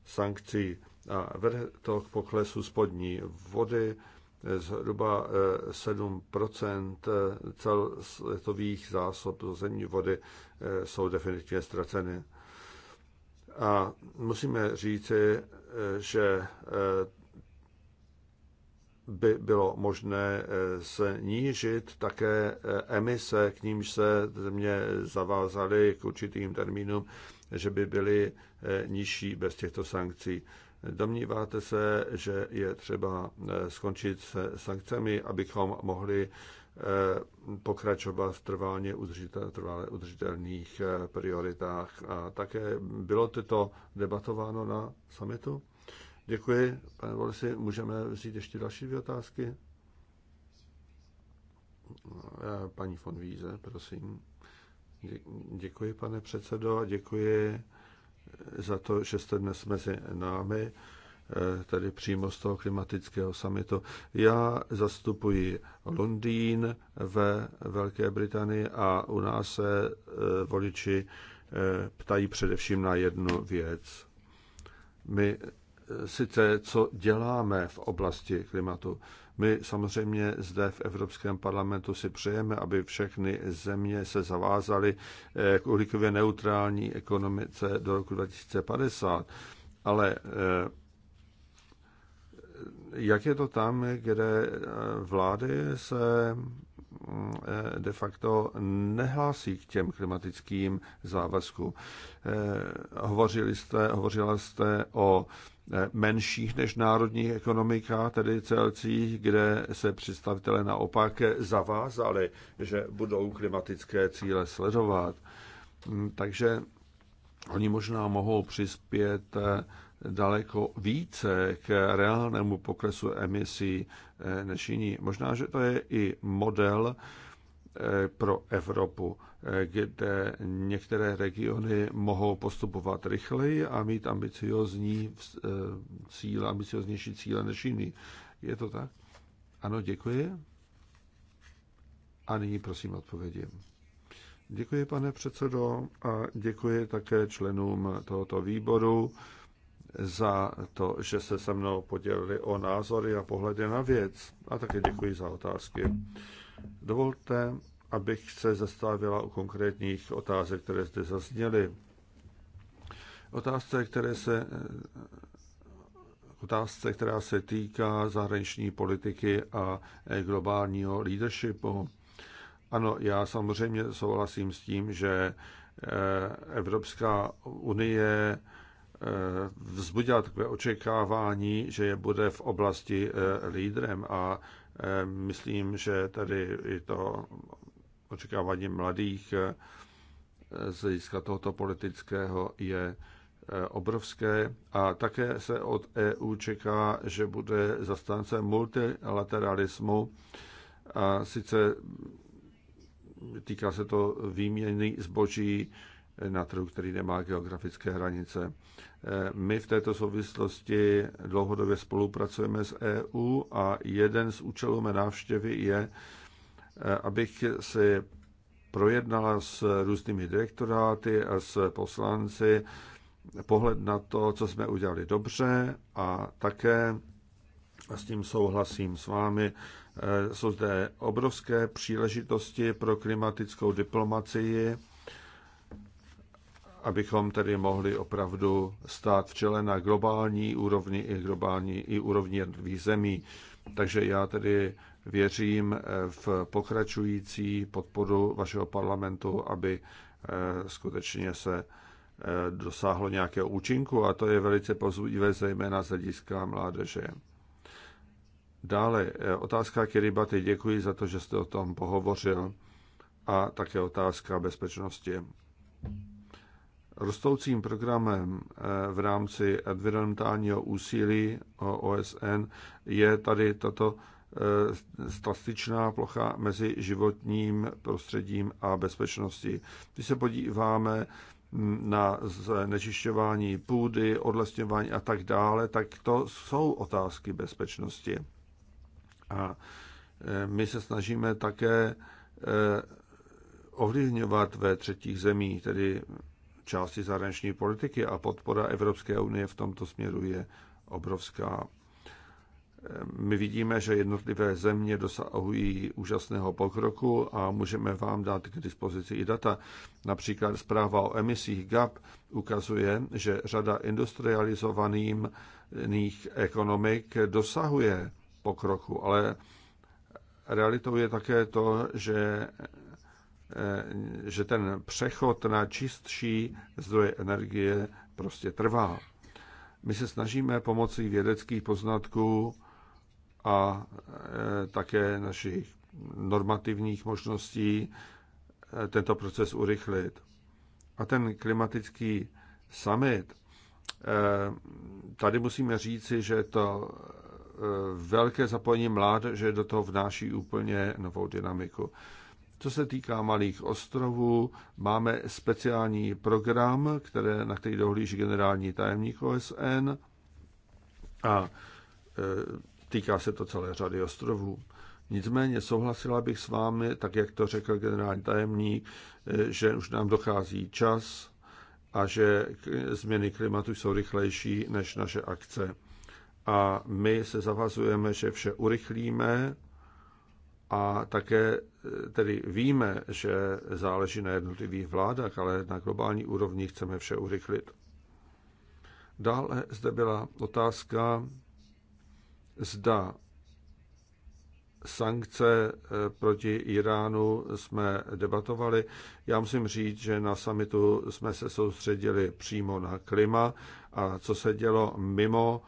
sankcí a vede to k poklesu spodní vody, zhruba 7 celosvětových zásob zemní vody jsou definitivně ztraceny. A musíme říci, že by bylo možné eh, se nížit také eh, emise, k nímž se země zavázaly k určitým termínům, že by byly eh, nižší bez těchto sankcí. Domníváte se, že je třeba skončit se sankcemi, abychom mohli pokračovat v trvalně udržitelných prioritách. A také bylo toto debatováno na summitu? Děkuji, pane Volesi. Můžeme vzít ještě další dvě otázky? Eh, paní von Víze, prosím. Děkuji, pane předsedo, a děkuji eh, za to, že jste dnes mezi námi, eh, tady přímo z toho klimatického samitu. Já zastupuji Londýn ve Velké Británii a u nás se voliči ptají především na jednu věc. My sice co děláme v oblasti klimatu. My samozřejmě zde v Evropském parlamentu si přejeme, aby všechny země se zavázaly eh, k uhlíkově neutrální ekonomice do roku 2050, ale eh, jak je to tam, kde eh, vlády se de facto nehlásí k těm klimatickým závazkům. Hovořili jste, hovořila jste o Eh, menších než národních ekonomikách, tedy celcích, kde se představitelé naopak zavázali, že budou klimatické cíle sledovat. Mm, takže oni možná mohou přispět eh, daleko více k reálnému poklesu emisí eh, než jiní. Možná, že to je i model pro Evropu kde některé regiony mohou postupovat rychleji a mít ambiciozní eh, cíle, ambicioznější cíle než jiný. Je to tak? Ano, děkuji. A nyní prosím odpovědi. Děkuji, pane předsedo, a děkuji také členům tohoto výboru za to, že se se mnou podělili o názory a pohledy na věc. A také děkuji za otázky. Dovolte, abych se zastavila u konkrétních otázek, které zde zazněly. Otázce, které se, eh, otázce, která se týká zahraniční politiky a eh, globálního leadershipu. Ano, já samozřejmě souhlasím s tím, že eh, Evropská unie vzbudila takové očekávání, že je bude v oblasti lídrem a myslím, že tady i to očekávání mladých eh, z hlediska tohoto politického je eh, obrovské a také se od EU čeká, že bude zastánce multilateralismu a sice mm, týká se to výměny zboží na trhu, který nemá geografické hranice. Eh, my v této souvislosti dlouhodobě spolupracujeme s EU a jeden z účelů mé návštěvy je Eh, abych si projednala s různými direktoráty a s poslanci pohled na to, co jsme udělali dobře a také a s tím souhlasím s vámi. Eh, jsou zde obrovské příležitosti pro klimatickou diplomacii, abychom tedy mohli opravdu stát v čele na globální úrovni i globální i úrovni jednotlivých zemí. Takže já tedy věřím eh, v pokračující podporu vašeho parlamentu, aby eh, skutečně se eh, dosáhlo nějakého účinku a to je velice pozbudivé, zejména z hlediska mládeže. Dále otázka Kiribati. Děkuji za to, že jste o tom pohovořil. A také otázka bezpečnosti. Rostoucím programem v rámci environmentálního úsilí OSN je tady tato Eh, statečná plocha mezi životním prostředím a bezpečností. Když se podíváme mm, na znečišťování půdy, odlesňování a tak dále, tak to jsou otázky bezpečnosti. A eh, my se snažíme také eh, ovlivňovat ve třetích zemích, tedy části zahraniční politiky a podpora Evropské unie v tomto směru je obrovská. My vidíme, že jednotlivé země dosahují úžasného pokroku a můžeme vám dát k dispozici i data. Například zpráva o emisích GAP ukazuje, že řada industrializovaných ekonomik dosahuje pokroku, ale realitou je také to, že eh, že ten přechod na čistší zdroje energie prostě trvá. My se snažíme pomocí vědeckých poznatků a e, také našich normativních možností e, tento proces urychlit. A ten klimatický summit, e, tady musíme říci, že to velké zapojení mládeže do toho vnáší úplně novou dynamiku. Co se týká malých ostrovů, máme speciální program, které, na který dohlíží generální tajemník OSN a Týká se to celé řady ostrovů. Nicméně souhlasila bych s vámi, tak jak to řekl generální tajemník, eh, že už nám dochází čas a že změny klimatu jsou rychlejší než naše akce. A my se zavazujeme, že vše urychlíme a také eh, tedy víme, že záleží na jednotlivých vládách, ale na globální úrovni chceme vše urychlit. Dále zde byla otázka zda sankce eh, proti Iránu jsme debatovali. Já musím říct, že na samitu jsme se soustředili přímo na klima a co se dělo mimo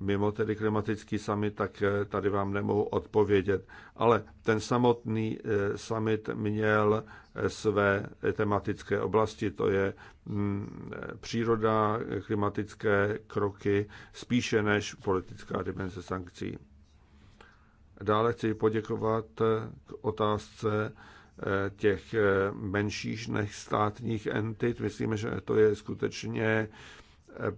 mimo tedy klimatický summit, tak eh, tady vám nemohu odpovědět. Ale ten samotný eh, summit měl eh, své tematické oblasti, to je mm, příroda, klimatické kroky, spíše než politická dimenze sankcí. Dále chci poděkovat k otázce těch menších než státních entit. Myslíme, že to je skutečně Eh,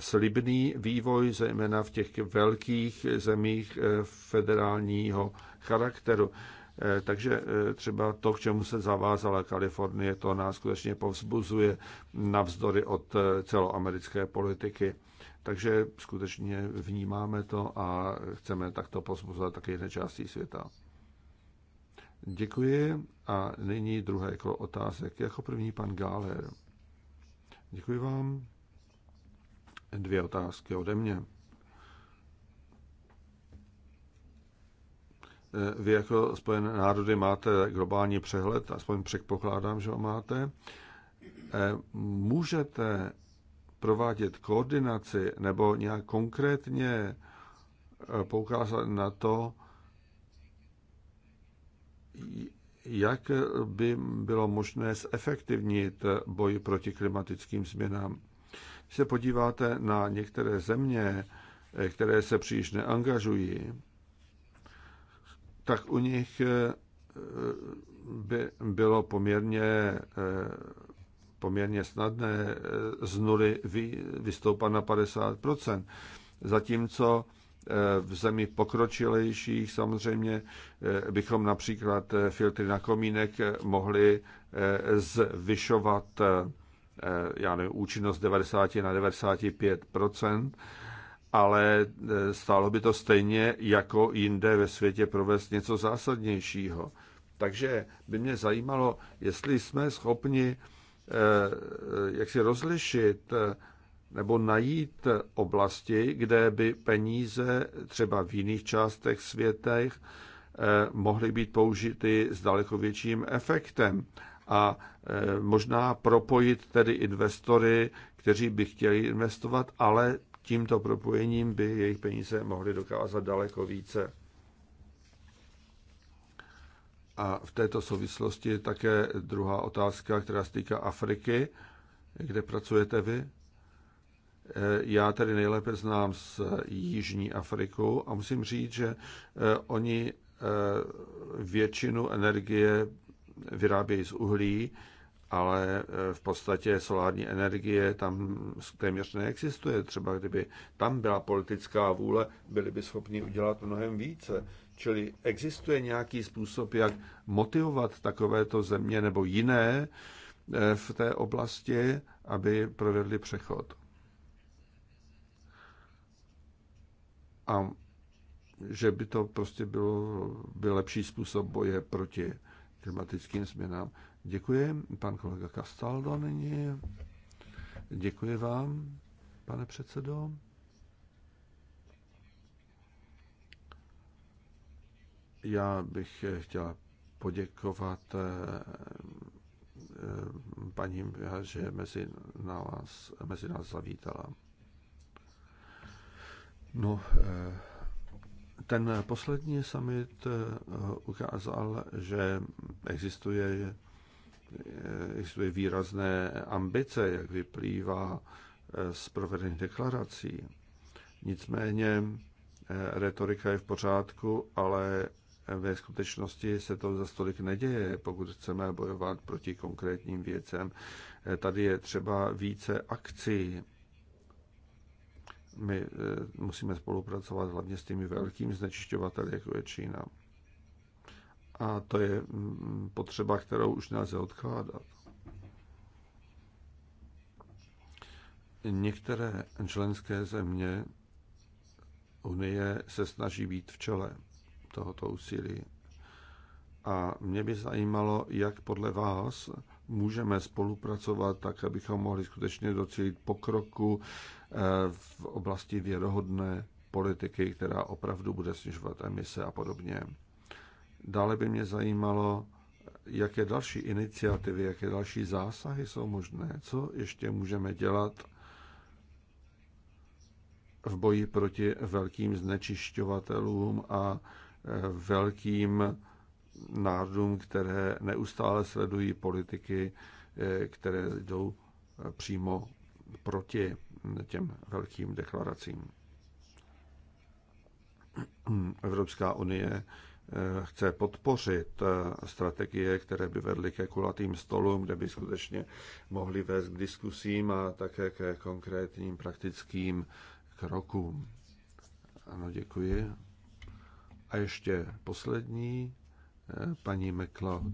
slibný vývoj, zejména v těch velkých zemích eh, federálního charakteru. Eh, takže třeba to, k čemu se zavázala Kalifornie, to nás skutečně povzbuzuje navzdory od celoamerické politiky. Takže skutečně vnímáme to a chceme takto povzbuzovat také jiné části světa. Děkuji a nyní druhé kolo otázek. Jako první pan Gáler. Děkuji vám dvě otázky ode mě. Vy jako Spojené národy máte globální přehled, aspoň předpokládám, že ho máte. Můžete provádět koordinaci nebo nějak konkrétně poukázat na to, jak by bylo možné zefektivnit boj proti klimatickým změnám. Když se podíváte na některé země, eh, které se příliš neangažují, tak u nich eh, by bylo poměrně, eh, poměrně snadné z nuly vystoupat na 50%. Zatímco v zemi pokročilejších samozřejmě bychom například filtry na komínek mohli zvyšovat Eh, já nevím, účinnost 90 na 95 ale eh, stálo by to stejně jako jinde ve světě provést něco zásadnějšího. Takže by mě zajímalo, jestli jsme schopni eh, jak si rozlišit nebo najít oblasti, kde by peníze třeba v jiných částech světech mohly být použity s daleko větším efektem a e, možná propojit tedy investory, kteří by chtěli investovat, ale tímto propojením by jejich peníze mohly dokázat daleko více. A v této souvislosti je také druhá otázka, která se týká Afriky, kde pracujete vy. E, já tedy nejlépe znám z Jižní Afriku a musím říct, že e, oni většinu energie vyrábějí z uhlí, ale e, v podstatě solární energie tam téměř neexistuje. Třeba kdyby tam byla politická vůle, byli by schopni udělat mnohem více. Čili existuje nějaký způsob, jak motivovat takovéto země nebo jiné e, v té oblasti, aby provedli přechod. A že by to prostě bylo, byl lepší způsob boje proti klimatickým změnám. Děkuji. Pan kolega Castaldo nyní. Děkuji vám, pane předsedo. Já bych chtěla poděkovat eh, eh, paní, že mezi nás, mezi nás zavítala. No, eh, ten poslední summit eh, ukázal, že existuje, existuje výrazné ambice, jak vyplývá eh, z provedených deklarací. Nicméně eh, retorika je v pořádku, ale ve skutečnosti se to za stolik neděje, pokud chceme bojovat proti konkrétním věcem. Tady je třeba více akcí my eh, musíme spolupracovat hlavně s těmi velkými znečišťovateli, jako je Čína. A to je mm, potřeba, kterou už nelze odkládat. Některé členské země Unie se snaží být v čele tohoto úsilí. A mě by zajímalo, jak podle vás můžeme spolupracovat tak, abychom mohli skutečně docílit pokroku eh, v oblasti věrohodné politiky, která opravdu bude snižovat emise a podobně. Dále by mě zajímalo, jaké další iniciativy, jaké další zásahy jsou možné, co ještě můžeme dělat v boji proti velkým znečišťovatelům a eh, velkým národům, které neustále sledují politiky, eh, které jdou eh, přímo proti hm, těm velkým deklaracím. Evropská unie eh, chce podpořit strategie, které by vedly ke kulatým stolům, kde by skutečně mohly vést k diskusím a také ke konkrétním praktickým krokům. Ano, děkuji. A ještě poslední paní McLeod.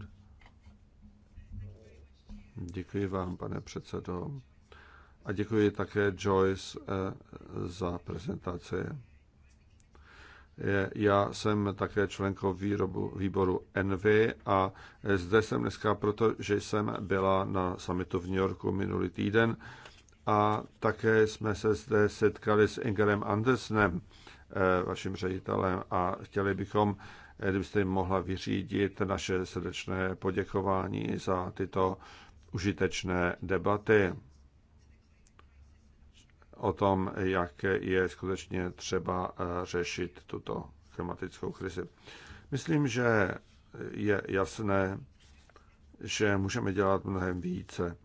Děkuji vám, pane předsedo. A děkuji také Joyce eh, za prezentaci. Já jsem také členkou výrobu, výboru Envy a zde jsem dneska proto, že jsem byla na summitu v New Yorku minulý týden a také jsme se zde setkali s Ingerem Andersnem, eh, vaším ředitelem, a chtěli bychom kdybyste jim mohla vyřídit naše srdečné poděkování za tyto užitečné debaty o tom, jak je skutečně třeba eh, řešit tuto klimatickou krizi. Myslím, že je jasné, že můžeme dělat mnohem více,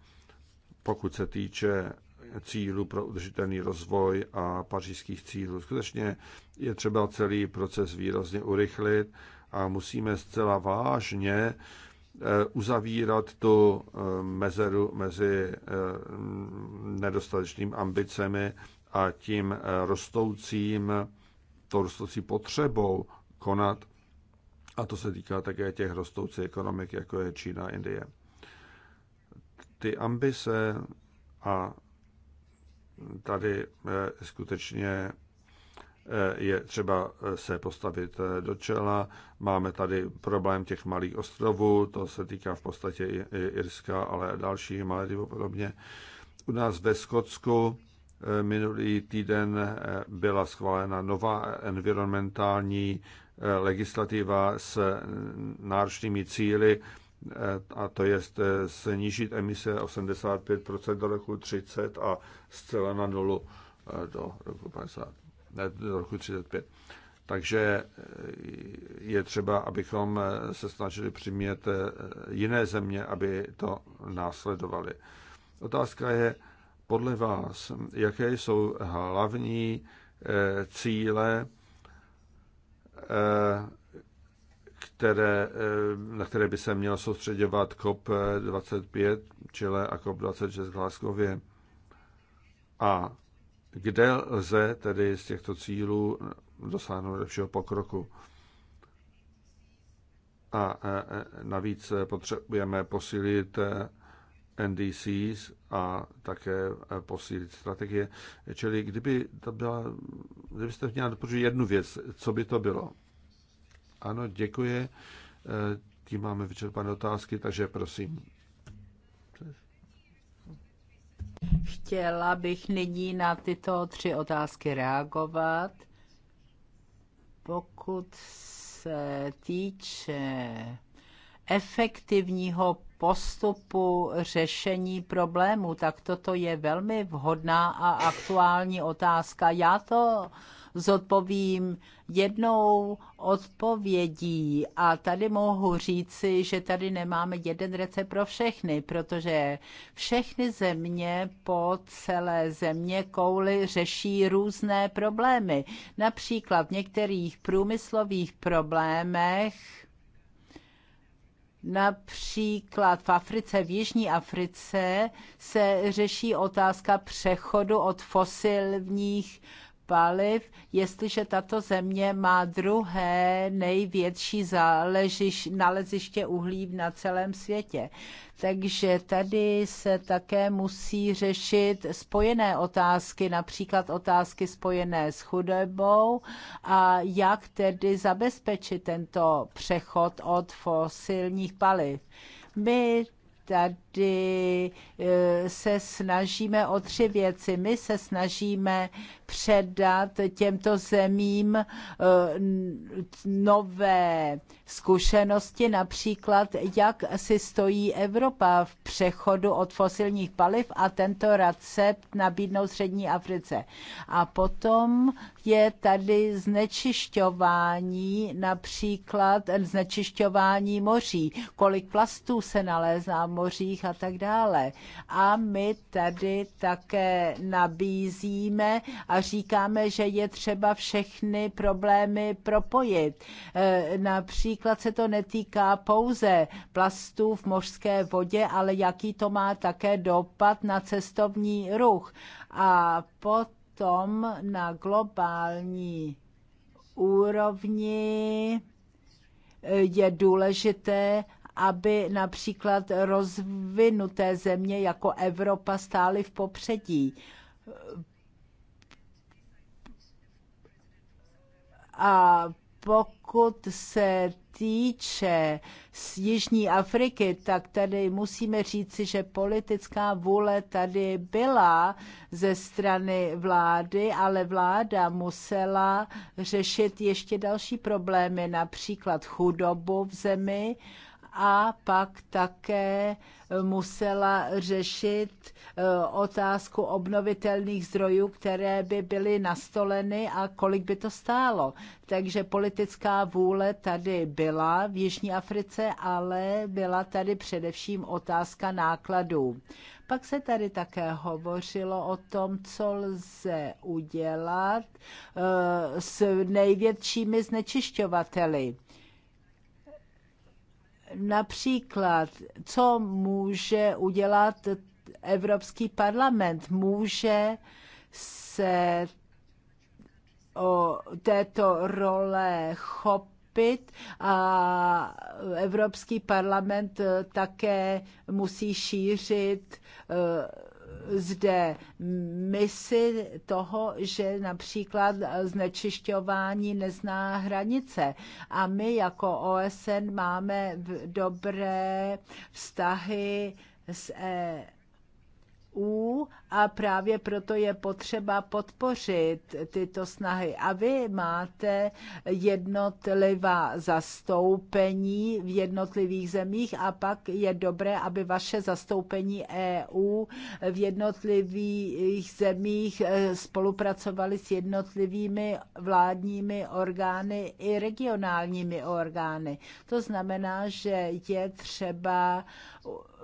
pokud se týče cílů pro udržitelný rozvoj a pařížských cílů. Skutečně je třeba celý proces výrazně urychlit a musíme zcela vážně eh, uzavírat tu eh, mezeru mezi eh, nedostatečným ambicemi a tím rostoucím, to rostoucí potřebou konat. A to se týká také těch rostoucích ekonomik, jako je Čína, Indie. Ty ambice a Tady eh, skutečně eh, je třeba eh, se postavit do čela. Máme tady problém těch malých ostrovů, to se týká v podstatě i Irska, ale další Malediv a podobně. U nás ve Skotsku minulý týden byla schválena nová environmentální legislativa s náročnými cíly Eh, a to je eh, snížit emise 85% do roku 30 a zcela na nulu eh, do roku 50, ne, do roku 35. Takže je třeba, abychom se snažili přimět jiné země, aby to následovali. Otázka je, podle vás, jaké jsou hlavní cíle které, eh, na které by se měl soustředovat COP25 eh, Chile a COP26 v Glasgowě. A kde lze tedy z těchto cílů dosáhnout lepšího pokroku. A eh, navíc potřebujeme posílit NDCs a také posílit strategie. Čili kdyby to byla, kdybyste měla doporučit jednu věc, co by to bylo? Ano, děkuji. Eh, tím máme vyčerpané otázky, takže prosím. Chtěla bych nyní na tyto tři otázky reagovat. Pokud se týče efektivního postupu řešení problému, tak toto je velmi vhodná a aktuální otázka. Já to zodpovím jednou odpovědí. A tady mohu říci, že tady nemáme jeden recept pro všechny, protože všechny země po celé země kouly řeší různé problémy. Například v některých průmyslových problémech Například v Africe, v Jižní Africe, se řeší otázka přechodu od fosilních paliv, jestliže tato země má druhé největší záležiš, naleziště uhlí na celém světě. Takže tady se také musí řešit spojené otázky, například otázky spojené s chudobou a jak tedy zabezpečit tento přechod od fosilních paliv. My tady kdy eh, se snažíme o tři věci. My se snažíme předat těmto zemím eh, nové zkušenosti, například jak si stojí Evropa v přechodu od fosilních paliv a tento recept nabídnou Střední Africe. A potom je tady znečišťování, například znečišťování moří. Kolik plastů se nalézá v mořích a tak dále. A my tady také nabízíme a říkáme, že je třeba všechny problémy propojit. E, například se to netýká pouze plastů v mořské vodě, ale jaký to má také dopad na cestovní ruch. A potom na globální úrovni e, je důležité, aby například rozvinuté země jako Evropa stály v popředí. A pokud se týče z Jižní Afriky, tak tady musíme říci, že politická vůle tady byla ze strany vlády, ale vláda musela řešit ještě další problémy, například chudobu v zemi a pak také musela řešit eh, otázku obnovitelných zdrojů, které by byly nastoleny a kolik by to stálo. Takže politická vůle tady byla v Jižní Africe, ale byla tady především otázka nákladů. Pak se tady také hovořilo o tom, co lze udělat eh, s největšími znečišťovateli. Například, co může udělat Evropský parlament? Může se o této role chopit a Evropský parlament také musí šířit eh, zde misi toho, že například znečišťování nezná hranice. A my jako OSN máme dobré vztahy s e EU a právě proto je potřeba podpořit tyto snahy. A vy máte jednotlivá zastoupení v jednotlivých zemích a pak je dobré, aby vaše zastoupení EU v jednotlivých zemích eh, spolupracovali s jednotlivými vládními orgány i regionálními orgány. To znamená, že je třeba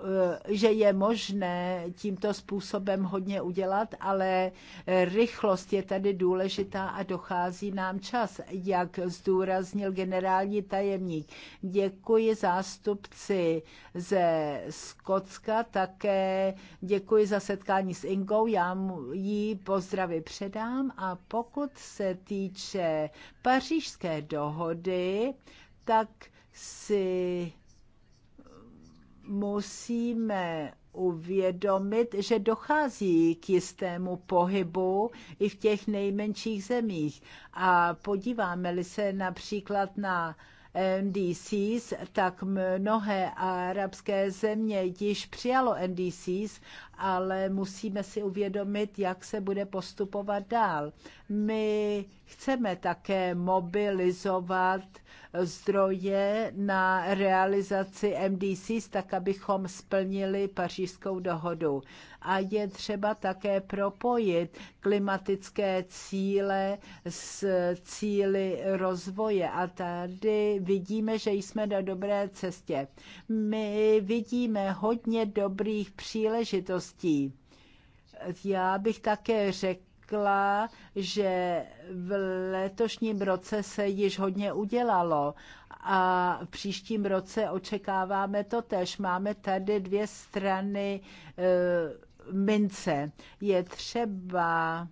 Eh, že je možné tímto způsobem hodně udělat, ale eh, rychlost je tady důležitá a dochází nám čas, jak zdůraznil generální tajemník. Děkuji zástupci ze Skotska, také děkuji za setkání s Ingou, já jí pozdravy předám a pokud se týče pařížské dohody, tak si musíme uvědomit, že dochází k jistému pohybu i v těch nejmenších zemích. A podíváme-li se například na NDCs, tak mnohé arabské země již přijalo NDCs ale musíme si uvědomit, jak se bude postupovat dál. My chceme také mobilizovat zdroje na realizaci MDCs, tak abychom splnili pařížskou dohodu. A je třeba také propojit klimatické cíle s cíly rozvoje. A tady vidíme, že jsme na dobré cestě. My vidíme hodně dobrých příležitostí, oblastí. Já bych také řekla, že v letošním roce se již hodně udělalo a v příštím roce očekáváme to tež. Máme tady dvě strany e, mince. Je třeba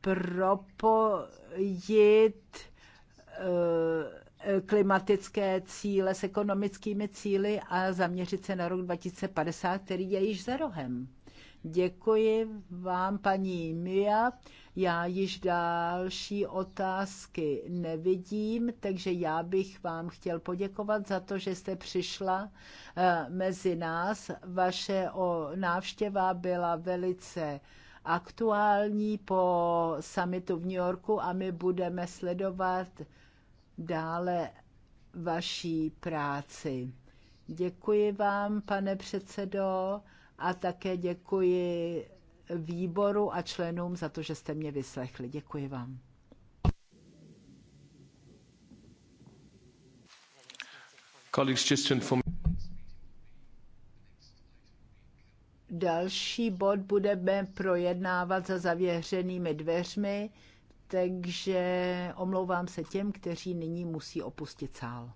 propojit e, klimatické cíle s ekonomickými cíly a zaměřit se na rok 2050, který je již za rohem. Děkuji vám, paní Mia. Já již další otázky nevidím, takže já bych vám chtěl poděkovat za to, že jste přišla eh, mezi nás. Vaše návštěva byla velice aktuální po summitu v New Yorku a my budeme sledovat dále vaší práci. Děkuji vám, pane předsedo, a také děkuji výboru a členům za to, že jste mě vyslechli. Děkuji vám. Další bod budeme projednávat za zavěřenými dveřmi takže omlouvám se těm, kteří nyní musí opustit sál.